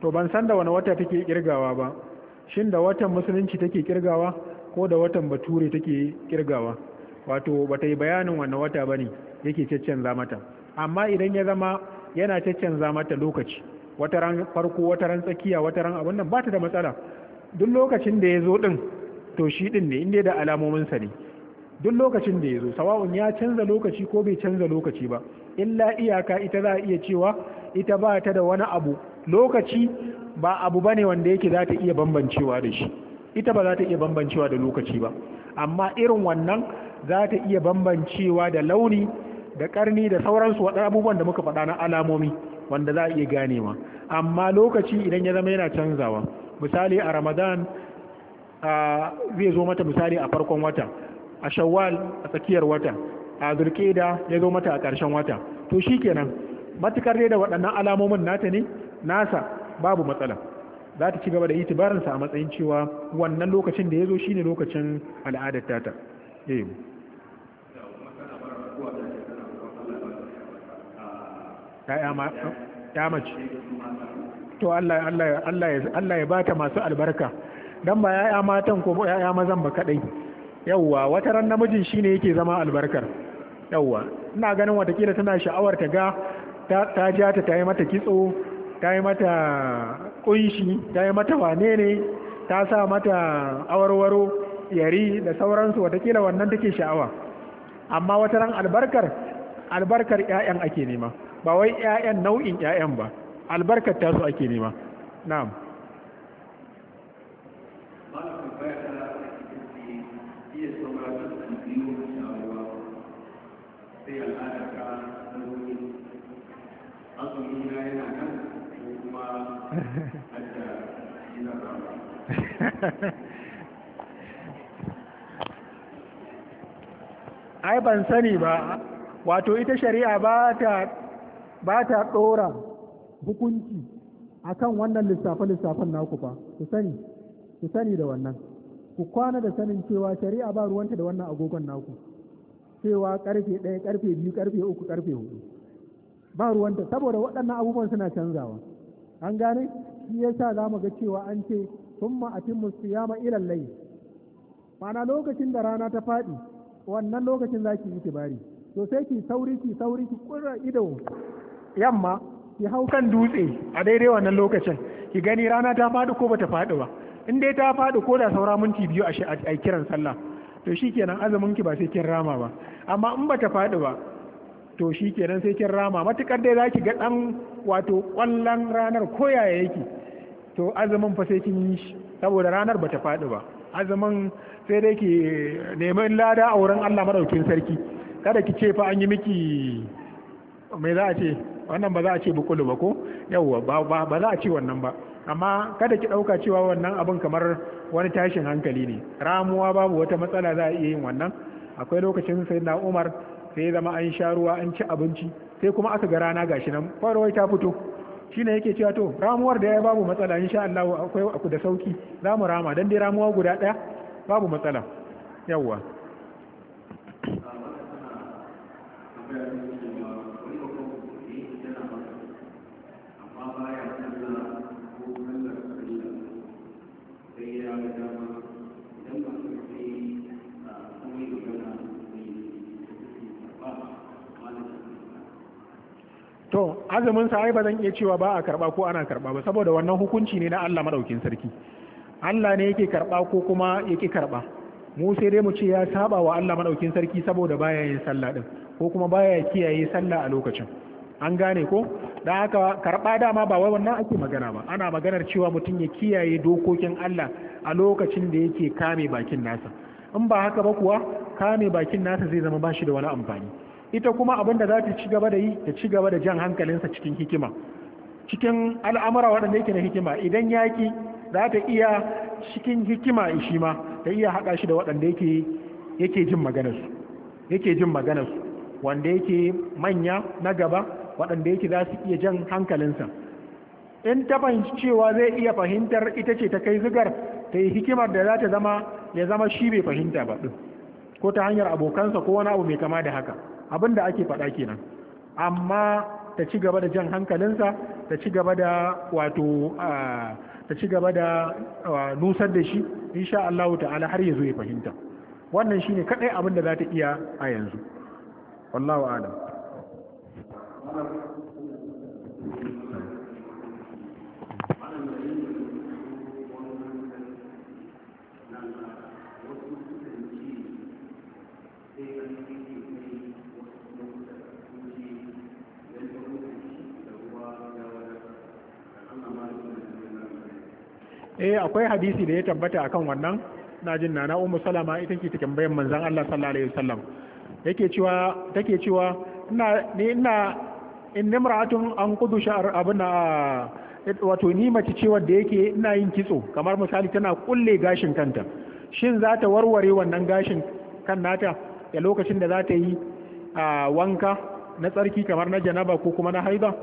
to ban san da wani wata take kirgawa ba shin da watan musulunci take kirgawa ko da watan bature take kirgawa wato bata yi bayanin wani wata ba ne yake caccanza mata amma idan ya zama yana caccanza mata lokaci wata ran farko wata ran tsakiya wata ran abun nan ba ta da matsala duk lokacin da ya zo ɗin to shi ɗin ne inda da alamominsa ne duk lokacin da ya zo sawa'un ya canza lokaci ko bai canza lokaci ba illa iyaka ita za a iya cewa ita ba ta da wani abu lokaci ba abu bane wanda yake za ta iya bambancewa da shi ita ba za ta iya bambancewa da lokaci ba amma irin wannan za ta iya bambancewa da launi da karni da sauransu waɗannan abubuwan da muka faɗa na alamomi wanda za a iya ganewa amma lokaci idan ya zama yana canzawa misali a ramadan zai zo mata misali a farkon wata a shawwal a tsakiyar wata a zulkeda ya zo mata a ƙarshen wata to shi kenan matukar ne da waɗannan alamomin nata ne nasa babu matsala za ta ci gaba da itibarinsa a matsayin cewa wannan lokacin da ya zo shine lokacin al'adar tata eh. to Allah ya bata masu albarka don ba ya matan ko ya mazan ba kadai yawwa wata ran namijin shine yake zama albarkar yawwa ina ganin watakila tana sha'awar ta ga ta ja ta ta yi mata kitso ta yi mata kunshi ta yi mata wane ne ta sa mata awarwaro yari da sauransu watakila wannan take sha'awa amma wata ran albarkar albarkar ƴaƴan ake nema ba wai 'ya'yan nau'in 'ya'yan ba albarkar tasu ake nema na'am <laughs> ai ban sani ba wato ita shari'a ba ta ba ta ɗora hukunci akan wannan lissafe-lissafen naku ba ku sani ku sani da wannan ku kwana da sanin cewa shari'a ba ruwanta da wannan agogon naku cewa karfe ɗaya karfe biyu karfe uku karfe hudu ba ruwanta saboda waɗannan abubuwan suna canzawa an gane shi yasa za mu ga cewa an ce thumma atimmu siyama ila al-layl ma'ana lokacin da rana ta faɗi wannan lokacin zaki yi kibari to sai ki sauri ki sauri ki kurra ido yamma ki hau kan dutse a daidai wannan lokacin ki gani rana ta fadi ko bata fadi ba in dai ta fadi ko da saura minti biyu a kiran sallah to shikenan azumin ki ba sai kin rama ba amma in bata fadi ba to shikenan sai kin rama matukar dai zaki ga dan wato ƙwallon ranar koyaya yake to azumin fa sai kin yi shi saboda ranar bata faɗi ba azumin sai dai ki neman lada a wurin Allah madaukin sarki kada ki ce fa an yi miki mai za a ce wannan ba za a ce bukulu ba ko yawwa ba za a ce wannan ba amma kada ki ɗauka cewa wannan abin kamar wani tashin hankali ne ramuwa babu wata matsala za a iya yin wannan akwai lokacin sai na umar sai zama an sha ruwa an ci abinci sai kuma aka ga rana gashi nan farawai ta fito shine yake cewa to ramuwar da ya babu matsala insha Allah akwai aku da sauki za mu rama dan dai ramuwa guda daya babu matsala yawwa azumin sa ai ba zan iya cewa ba a karba ko ana karba ba saboda wannan hukunci ne na Allah madaukin sarki Allah ne yake karba ko kuma yake karba mu sai dai mu ce ya saba wa Allah madaukin sarki saboda baya yin sallah din ko kuma baya kiyaye sallah a lokacin an gane ko dan haka karɓa dama ba wai wannan ake magana ba ana maganar cewa mutum ya kiyaye dokokin Allah a lokacin da yake kame bakin nasa in ba haka ba kuwa kame bakin nasa zai zama bashi da wani amfani ita kuma abin da za ta ci gaba da yi ta ci gaba da jan hankalinsa cikin hikima cikin al'amura waɗanda yake na hikima idan yaƙi za ta iya cikin hikima shi ma ta iya haɗa shi da waɗanda yake jin maganarsu yake jin maganarsu wanda yake manya na gaba waɗanda yake za su iya jan hankalinsa in ta cewa zai iya fahimtar ita ce ta kai zigar ta yi hikimar da za ta zama ya zama shi bai fahimta ba ko ta hanyar abokansa ko wani abu mai kama da haka abin da ake faɗa kenan amma ta ci gaba da jan hankalinsa ta ci gaba da wato ta ci gaba da nusar da shi insha Allah ta'ala har ya zo ya fahimta wannan shine kadai abin da za ta iya a yanzu wallahu a'lam eh akwai hadisi da ya tabbata akan wannan na jin nana ummu salama ita ke cikin bayan manzon Allah sallallahu alaihi wasallam yake cewa take cewa ina ni ina in nimra'atun an qudu sha'ar ah, wato ni mace ce da yake ina yin kitso kamar misali tana kulle gashin kanta shin za ta warware wannan gashin kan nata da lokacin da za ta yi ah, wanka na tsarki kamar na janaba ko kuma na haida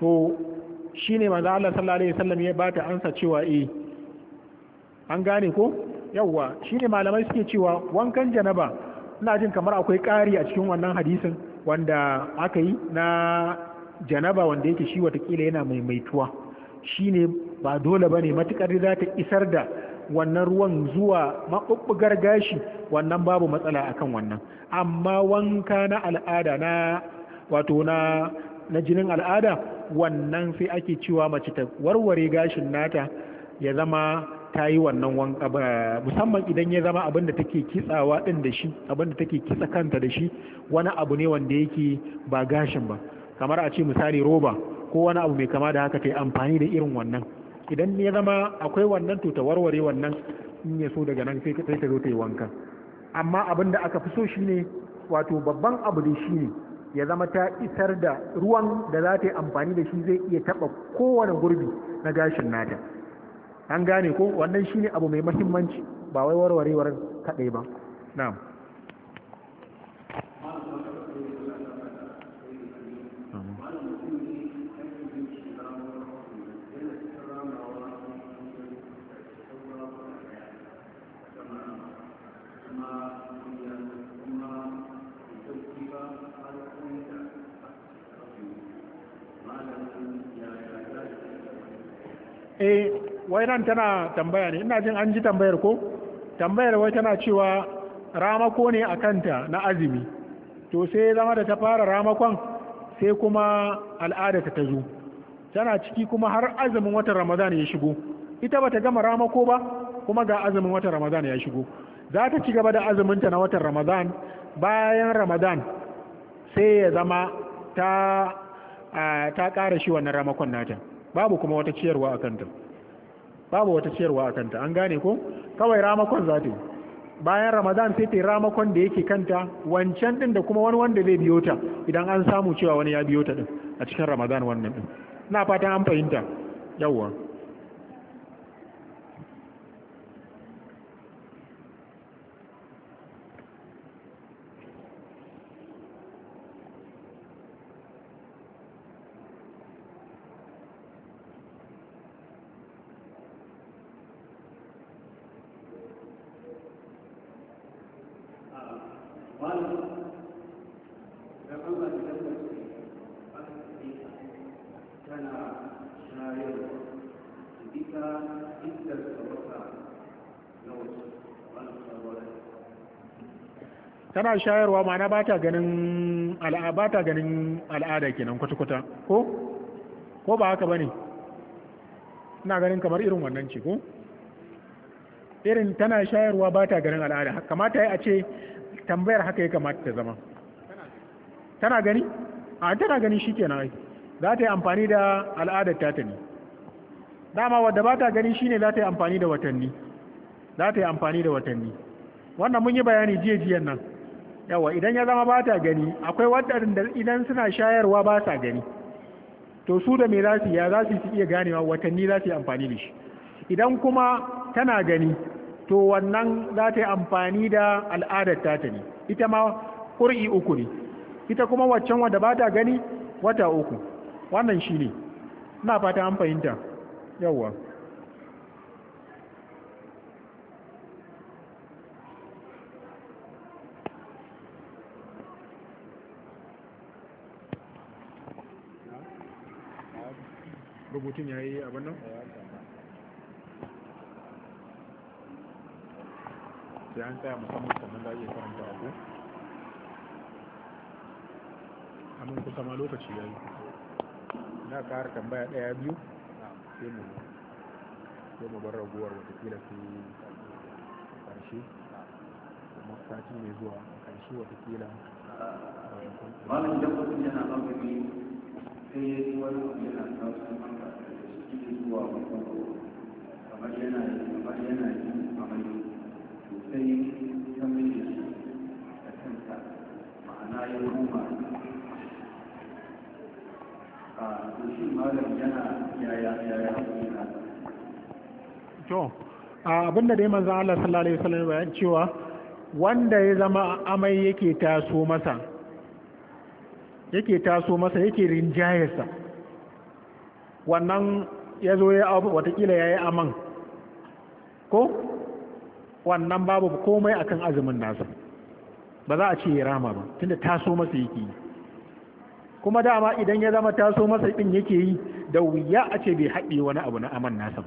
to Shi ne manzo Allah sallallahu alaihi wasallam ya bata ansa cewa eh an gane ko Shi ne malamai suke cewa wankan janaba ina jin kamar akwai ƙari a cikin wannan hadisin wanda aka yi na janaba wanda yake shi watakila yana maimaituwa ne ba dole ba ne matuƙar za ta isar da wannan ruwan zuwa maɓuɓɓugar gashi wannan babu matsala akan wannan amma wanka na al'ada na wato na jinin al'ada wannan sai ake cewa mace ta warware gashin nata ya zama ta yi wannan wanka musamman idan ya zama abin da take kitsawa din da shi abin da take kitsa kanta da shi wani abu ne wanda yake ba gashin ba kamar a ce misali roba ko wani abu mai kama da haka ta yi amfani da irin wannan idan ya zama akwai wannan to ta warware wannan in ya so daga nan sai ta zo ta yi wanka amma abin da aka fi so shine wato babban abu da shine ya zama ta isar da ruwan da za ta yi amfani da shi zai iya taɓa kowane gurbi na gashin nata an gane ko wannan shi ne abu mai mahimmanci ba wai warwarewar kaɗai ba na'am eh wai nan tana tambaya ne ina jin an ji tambayar ko tambayar wai tana cewa ramako ne a kanta na azumi to sai zama da ta fara ramakon sai kuma al'ada ta zo tana ciki kuma har azumin watan ramadan ya shigo ita bata gama ramako ba kuma ga azumin watan ramadan ya shigo za ta ci gaba da azumin ta na watan ramadan bayan ramadan sai ya zama ta ta ƙara shi wannan ramakon nata babu kuma wata ciyarwa a kanta babu wata ciyarwa a kanta an gane ko kawai ramakon za ta bayan ramadan sai ta yi ramakon da yake kanta wancan din da kuma wani wanda zai biyo ta idan an samu cewa wani ya biyo ta din a cikin ramadan wannan din na fatan an fahimta yawwa tana shayarwa ma'ana ba ta ganin al'ada ganin al'ada kenan kwata-kwata ko ko ba haka bane ina ganin kamar irin wannan ce ko irin tana shayarwa ba ta ganin al'ada kamata a ce tambayar haka ya kamata ta zama tana gani a tana gani shikenan ai za ta yi amfani da al'adar ta ne dama wadda ba ta gani shine za ta yi amfani da watanni za ta yi amfani da watanni wannan mun yi bayani jiya jiyan nan yawa idan ya zama bata gani akwai waɗanda idan suna shayarwa ba sa gani to su da me za su ya za su iya ganewa watanni za su yi amfani da shi idan kuma tana gani to wannan za ta yi amfani da al'adar ta ne ita ma kur'i uku ne ita kuma waccan wadda ba ta gani wata uku wannan shi ne na fata an fahimta yawa rubutun ya yi abin nan sai an tsaya musamman sannan da ake karanta abu amin kusa ma lokaci ya yi na kawar tambaya daya biyu sai mu sai mu bar raguwar watakila sai karshe kuma sati mai zuwa karshe ƙarshe watakila malam idan mutum yana ɗaukaki sai ya yi wani abu yana ɗaukaki zuwa farko kamar yana yin yana sosai ta miji da kanta ma'ana ya koma a shi malam yana yaya yaya haƙuri na to abinda dai manzan Allah sallallahu alaihi wasallam bayan cewa wanda ya zama amai yake taso masa yake taso masa yake rinjayarsa wannan ya zo ya abu watakila ya yi aman ko wannan babu komai akan azumin nasa ba za a ce ya rama ba tunda taso masa yake yi kuma dama idan ya zama taso masa din yake yi da wuya a ce bai haɗe wani abu na aman nasa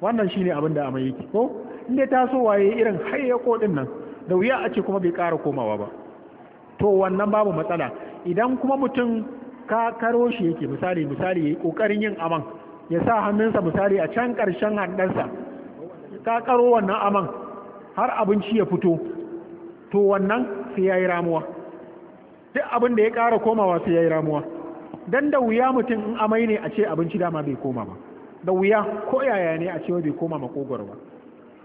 wannan shi ne abin da amai yake ko inda taso waye irin hayyako din nan da wuya a ce kuma bai ƙara komawa ba to wannan babu matsala idan kuma mutum ka karo shi yake misali misali ya yi kokarin yin aman ya sa hannunsa misali a can ƙarshen handarsa ƙaƙaro wannan aman har abinci ya fito to wannan sai ya yi ramuwa duk abin da ya ƙara komawa sai ya yi ramuwa don da wuya mutum in amai ne a ce abinci dama bai koma ba da wuya ko yaya ne a ce bai koma makogwar ba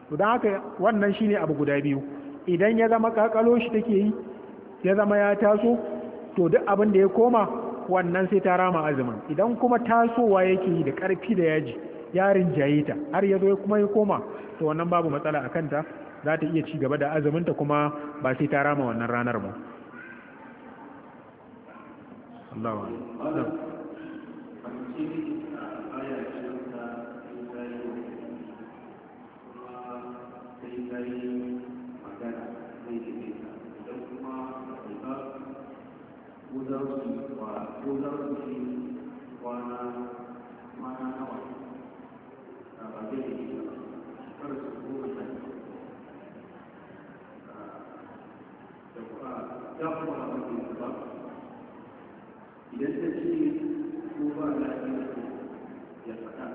to don haka wannan shine abu guda biyu idan ya zama ƙaƙalo shi take yi ya zama ya taso to duk abin da ya koma wannan sai ta rama azumin idan kuma tasowa yake yi da ƙarfi da yaji ya rinjaye ta har ya zo kuma ya koma to wannan babu matsala a kanta za ta iya ci gaba da azumin ta kuma ba sai ta rama wannan ranar ba Allah Thank you. ko za su fi kwana kwana nawa a ba zai yi kar su koma da da kuma ya kuma ba zai ba idan ta ce ko ba lafiya ya faɗa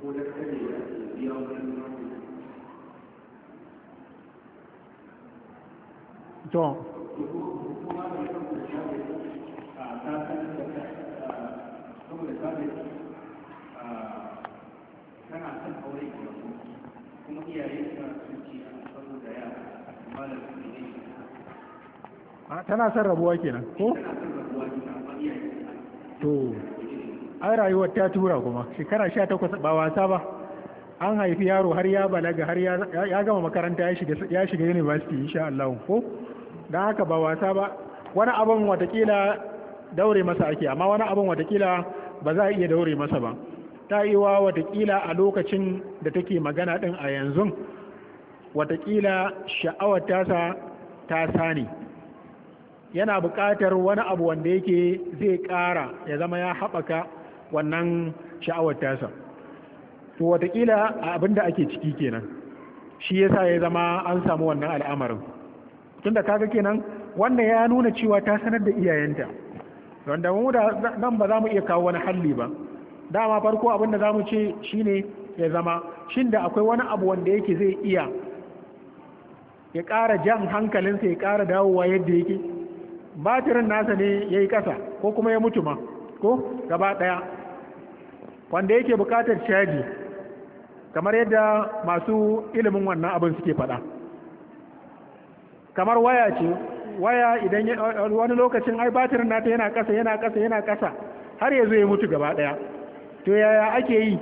ko da kare ya biya wani mutum to a ah, tana son rabuwa kenan ko to an rayuwar ta tura kuma shekara sha takwas ba wasa ba an haifi yaro har ya balaga har ya gama makaranta ya shiga university insha Allah ko don haka ba wasa ba wani abin watakila daure masa ake amma wani abin watakila ba za a iya daure masa ba ta yi wa watakila a lokacin da take magana ɗin a yanzu watakila sha'awar tasa ta sani yana buƙatar wani abu wanda yake zai ƙara ya zama ya haɓaka wannan sha'awar tasa to watakila a abin da ake ciki kenan shi yasa ya zama an samu wannan al'amarin tunda kaga kenan wannan ya nuna cewa ta sanar da iyayenta wanda mu da nan ba za mu iya kawo wani halli ba dama farko abinda za mu ce shine ya zama shin da akwai wani abu wanda yake zai iya ya ƙara jan hankalinsa ya kara dawowa yadda yake batirin nasa ne ya yi ƙasa ko kuma ya mutu ma ko gaba ɗaya wanda yake buƙatar caji kamar yadda masu ilimin wannan abin suke faɗa kamar waya ce waya idan wani lokacin ai batirin nata yana kasa yana ƙasa yana kasa har ya ya mutu gaba ɗaya to yaya ake yi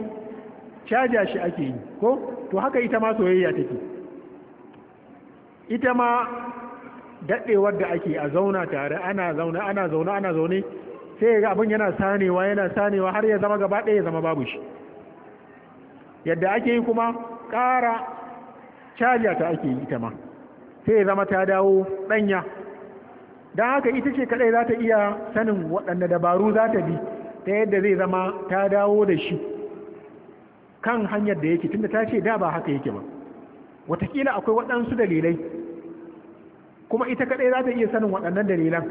caja shi ake yi ko to haka ita ma soyayya take ita ma daɗewar da ake a zauna tare ana zaune ana zauna ana zaune sai ga abin yana sanewa yana sanewa har ya zama gaba ɗaya ya zama babu shi yadda ake yi kuma ƙara caja ta ake yi ita ma sai ya zama ta dawo ɗanya don haka ita ce kaɗai za ta iya sanin waɗanne dabaru za ta bi ta yadda zai zama ta dawo da shi kan hanyar da yake tunda ta ce da ba haka yake ba watakila akwai waɗansu dalilai kuma ita kaɗai za ta iya sanin waɗannan dalilan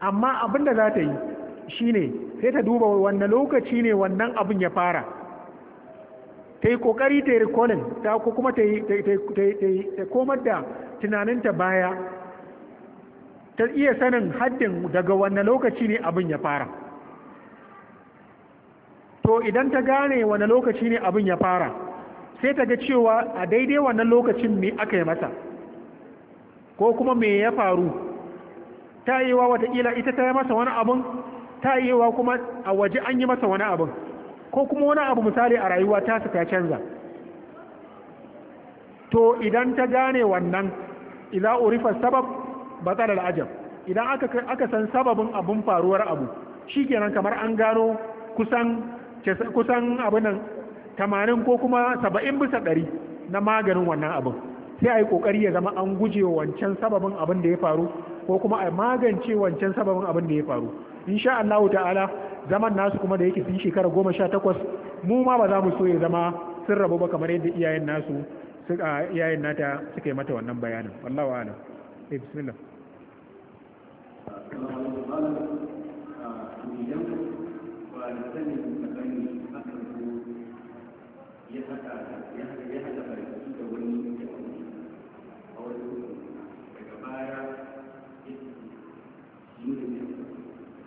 amma abin da za ta yi shi ne sai ta duba wanne lokaci ne wannan abin ya fara ta yi ƙoƙari ta yi recalling ta kuma ta komar da tunaninta baya ta iya sanin haddin daga wanne lokaci ne abin ya fara to idan ta gane wani lokaci ne abin ya fara sai ta ga cewa a daidai wannan lokacin ne aka yi mata ko kuma me ya faru ta yi wa watakila ita ta yi masa wani abin ta yi wa kuma a waje an yi masa wani abin ko kuma wani abu misali a rayuwa ta su ta canza to idan ta gane wannan idan urifar sabab ba da ajab idan aka san sababin abin faruwar abu shi kenan kamar an gano kusan kusan abin nan tamanin ko kuma saba'in bisa ɗari na maganin wannan abin sai a yi ƙoƙari ya zama an guje wancan sababin abin da ya faru ko kuma a magance wancan sababin abin da ya faru insha Allah ta'ala zaman nasu kuma da yake sun shekara goma sha takwas mu ma ba za mu so ya zama sun rabu ba kamar yadda iyayen nasu suka iyayen nata suka yi mata wannan bayanin wallahu a'lam eh,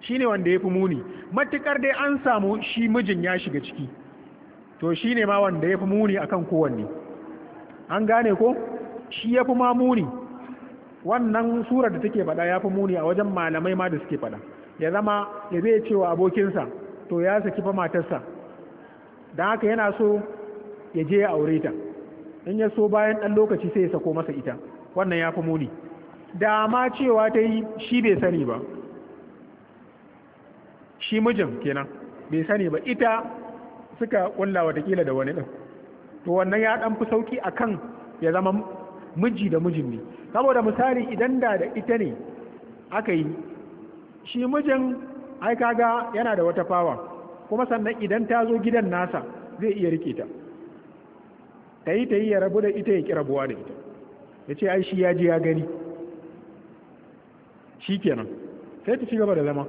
Shi ne wanda ya fi muni matuƙar dai an samu shi mijin ya shiga ciki to shi ne ma wanda ya fi muni a kan kowanne an gane ko shi ya fi ma muni wannan surar da take faɗa ya fi muni a wajen malamai ma da suke faɗa ya zama ya zai cewa abokinsa to ya saki fa matarsa don haka yana so ya je ya aure ta in ya so bayan ɗan lokaci sai ya sako masa ita wannan ya fi muni da ma cewa ta yi shi bai sani ba shi mijin kenan bai sani ba ita suka kulla watakila da wani din to wannan ya dan fi sauki akan ya zama miji da mijin ne saboda misali idan da da ita ne aka yi shi mijin ai kaga yana da wata fawa kuma sannan idan ta zo gidan nasa zai iya rike ta ta yi ta yi ya rabu da ita ya kira buwa da ita ya ce ai shi ya ji ya gani shi kenan sai ta ci gaba da zama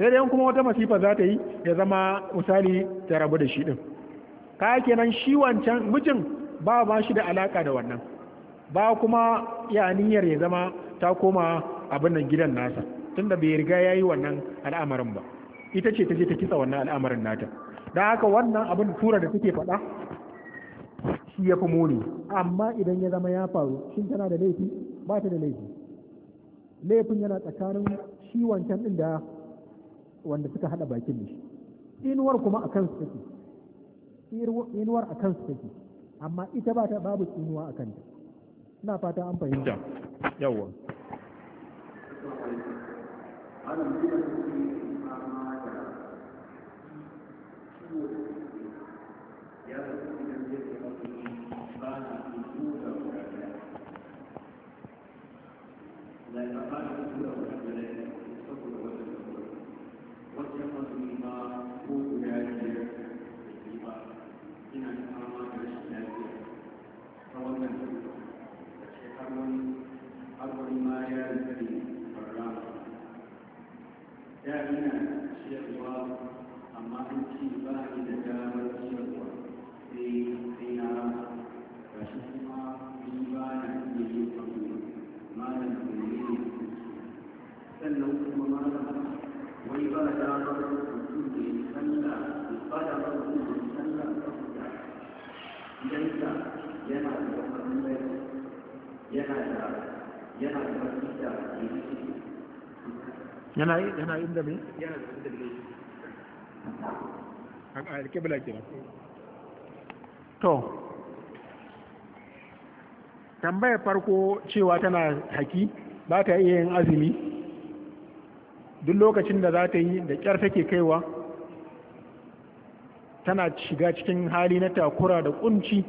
sai dai kuma wata masifa za ta yi ya zama misali ta rabu da shi din kaya kenan shi wancan mijin ba ba shi da alaka da wannan ba kuma ya niyyar ya zama ta koma abin gidan nasa tunda bai riga ya yi wannan al'amarin ba ita ce ta je ta kisa wannan al'amarin nata Da haka wannan abin tura da take faɗa shi ya fi muni amma idan ya zama ya faru shin tana da laifi ba ta da laifi laifin yana tsakanin shi wancan ɗin da wanda suka hada bakin da shi inuwar kuma a kansu take inuwar a kansu take amma ita ba ta babu inuwa a kanta ina fata an fahimta yawon yana yana da mai yana da inda to tambayar farko cewa tana haki ba ta iya yin azumi duk lokacin da za ta yi da ƙyar take kaiwa tana shiga cikin hali na takura da kunci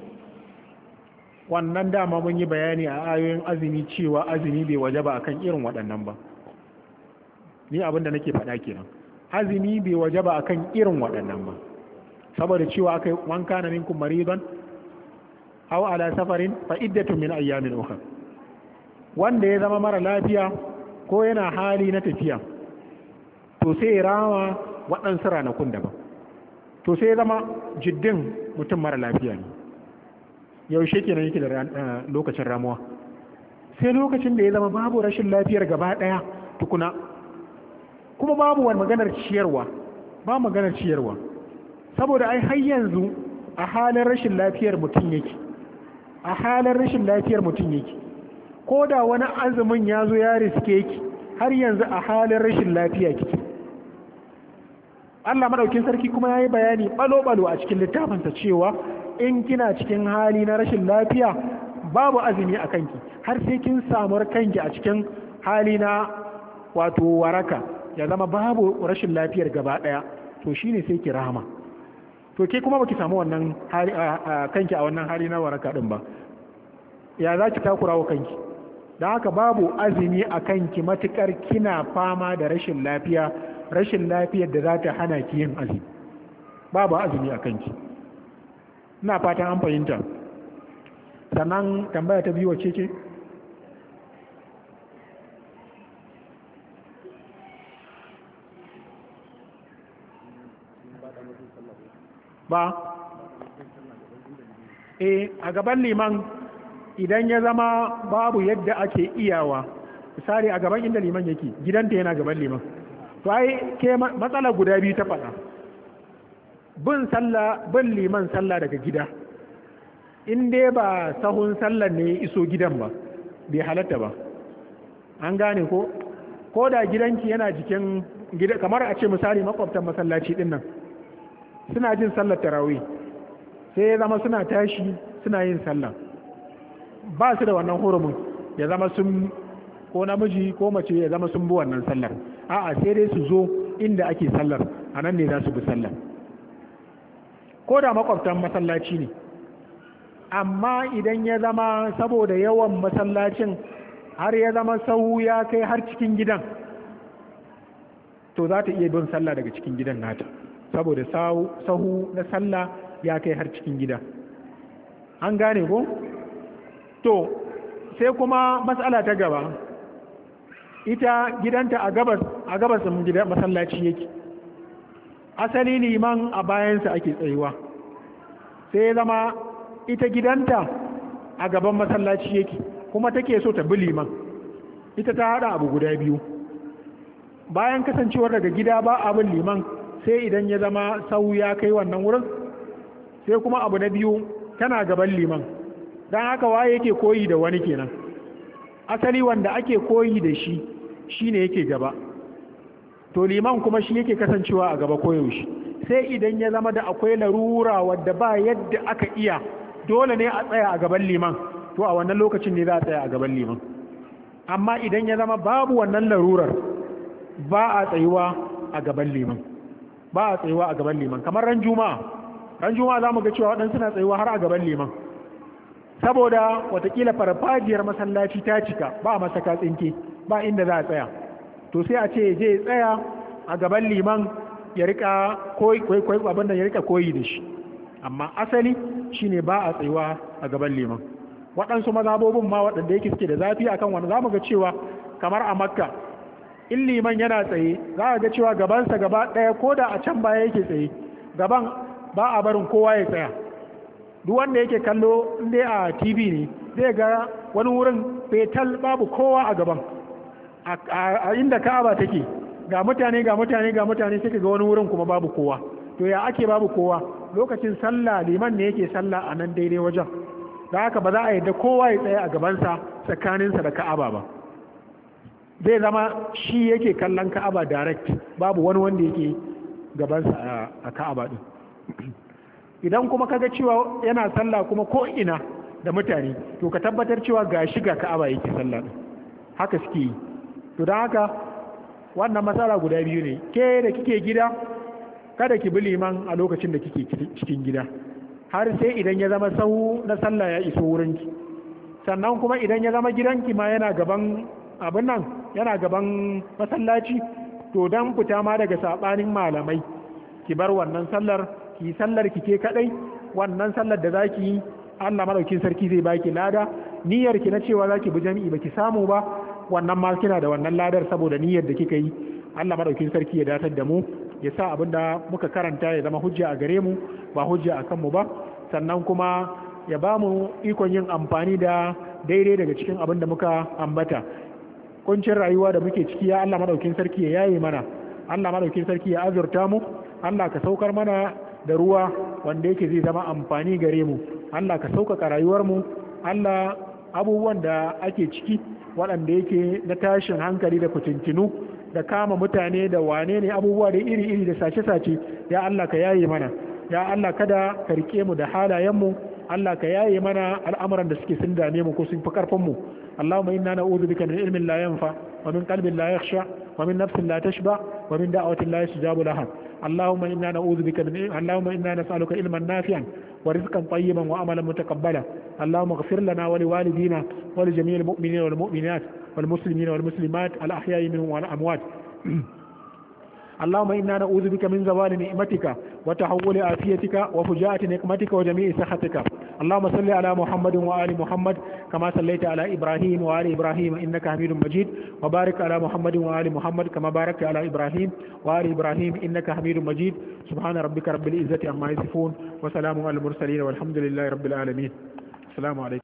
wannan dama mun yi bayani a ayoyin azumi cewa azumi bai waje ba akan irin waɗannan ba ni abin da nake faɗa kenan azumi bai wajaba akan irin waɗannan ba saboda cewa akai man kana minkum maridan aw ala safarin fa iddatu min ayyamin ukhra wanda ya zama mara lafiya ko yana hali na tafiya to sai rama waɗansu ranakun daban to sai zama jiddin mutum mara lafiya ne yaushe kenan yake da eh, lokacin ramuwa sai lokacin da ya zama babu rashin lafiyar gaba ɗaya tukuna kuma babu wani maganar ciyarwa ba maganar ciyarwa saboda ai har yanzu a halin rashin lafiyar mutum yake a halin rashin lafiyar mutum yake ko da wani azumin ya zo ya riske ki har yanzu a halin rashin lafiya kike Allah madaukin sarki kuma ya yi bayani balo-balo a cikin littafinsa cewa in kina cikin hali na rashin lafiya babu azumi a kanki har sai kin samu kanki a cikin hali na wato waraka ya zama babu rashin lafiyar gaba ɗaya, to shine sai ki rahama to ke kuma baki samu wannan kanki a wannan hali na waraka din ba ya za ki takura wa kanki da haka babu azumi a kanki matukar kina fama da rashin lafiya rashin lafiyar da za ta hana ki yin azumi babu azumi a kanki ina fatan an fahimta sannan tambaya ta biyu wacce ce ba e a gaban liman idan ya zama babu yadda ake iyawa misali a gaban inda liman yake gidanta yana gaban liman to ai ke matsala guda biyu ta faɗa bin sallah bin liman sallah daga gida in dai ba sahun sallah ne iso gidan ba bai halatta ba an gane ko ko da gidanki yana jikin gida kamar a ce misali makwabtan masallaci din nan suna jin sallar tarawih sai ya zama suna tashi suna yin sallar, ba su da wannan hurumin ya zama sun ko namiji ko mace ya zama sun bi wannan sallar a'a sai dai su zo inda ake sallar a nan ne za su bi sallar ko da makwabtan masallaci ne amma idan ya zama saboda yawan masallacin har ya zama sau ya kai har cikin gidan to za ta iya bin sallah daga cikin gidan nata saboda sahu na sallah ya kai har cikin gida an gane ko to sai kuma matsala ta gaba ita gidanta a gabas a masallaci yake asali liman a bayansa ake tsayuwa sai zama ita gidanta a gaban masallaci yake kuma take so ta bi liman ita ta hada abu guda biyu bayan kasancewar daga gida ba abin liman sai idan ya zama sau ya kai wannan wurin sai kuma abu na biyu tana gaban liman don haka waye yake koyi da wani kenan asali wanda ake koyi da shi shi ne yake gaba to liman kuma shi yake kasancewa a gaba koyaushe sai idan ya zama da akwai larura wadda ba yadda aka iya dole ne a tsaya a gaban liman to a wannan lokacin ne za a tsaya a gaban liman amma idan ya zama babu wannan larurar ba a tsayuwa a gaban liman ba a tsayuwa a gaban liman kamar ran juma'a ran juma'a za mu ga cewa waɗansu na tsayuwa har a gaban liman saboda watakila farfajiyar masallaci ta cika ba masa katsinke ba inda za a tsaya to sai a ce je tsaya a gaban liman ya rika koyi abin da ya rika koyi da shi amma asali shine ba a tsayuwa a gaban liman waɗansu mazabobin ma waɗanda yake suke da zafi akan wani za mu ga cewa kamar a makka in liman yana tsaye za a ga cewa gabansa gaba ɗaya ko da a can baya yake tsaye gaban ba a barin kowa ya tsaya duk wanda yake kallo in dai a tv ne zai ga wani wurin fetal babu kowa a gaban a inda ka'aba take ga mutane ga mutane ga mutane suke ga wani wurin kuma babu kowa to ya ake babu kowa lokacin sallah liman ne yake sallah a nan daidai wajen da haka ba za a yadda kowa ya tsaya a gabansa tsakaninsa da ka'aba ba zai zama shi yake kallon ka'aba direct babu wani wanda yake gabansa a ka'aba din <clears throat> idan kuma kaga cewa yana sallah kuma ko ina da mutane to ka tabbatar cewa ga shi ga ka'aba yake sallah din haka suke yi to don haka wannan matsala guda biyu ne ke da kike gida kada ki bi liman a lokacin da kike cikin gida har sai idan ya zama sahu na sallah ya iso wurinki sannan kuma idan ya zama gidanki ma yana gaban abin nan yana gaban masallaci to dan fita ma daga sabanin malamai ki bar wannan sallar ki sallar ki ke kadai wannan sallar da zaki yi Allah madaukin sarki zai baki lada niyyar ki na cewa zaki bi jami'i baki samu ba wannan ma kina da wannan ladar saboda niyyar da kika yi Allah madaukin sarki ya datar da mu ya sa abin da muka karanta ya zama hujja a gare mu ba hujja a kanmu ba sannan kuma ya ba mu ikon yin amfani da daidai daga cikin abin da muka ambata kuncin rayuwa da muke ciki ya Allah madaukin sarki ya yaye mana Allah madaukin sarki ya azurta mu Allah ka saukar mana da ruwa wanda yake zai zama amfani gare mu Allah ka saukaka rayuwar mu Allah abubuwan da ake ciki waɗanda yake na tashin hankali da kutuntunu da kama mutane da wane ne abubuwa da iri-iri da sace-sace ya Allah ka yaye mana ya Allah kada ka rike mu da halayen mu Allah ka yaye mana al'amuran da suke sun dame mu ko sun fi karfin mu اللهم إنا نعوذ بك من علم لا ينفع ومن قلب لا يخشع ومن نفس لا تشبع ومن دعوة لا يستجاب لها اللهم إنا نعوذ بك من اللهم إنا نسألك علما نافعا ورزقا طيبا وعملا متقبلا اللهم اغفر لنا ولوالدينا ولجميع المؤمنين والمؤمنات والمسلمين والمسلمات الأحياء منهم والأموات اللهم إنا نعوذ بك من زوال نعمتك وتحول عافيتك وفجاءة نقمتك وجميع سخطك اللهم صل على محمد وآل محمد كما صليت على إبراهيم وآل إبراهيم إنك حميد مجيد وبارك على محمد وآل محمد كما باركت على إبراهيم وآل إبراهيم إنك حميد مجيد سبحان ربك رب العزة عما يصفون وسلام على المرسلين والحمد لله رب العالمين السلام عليكم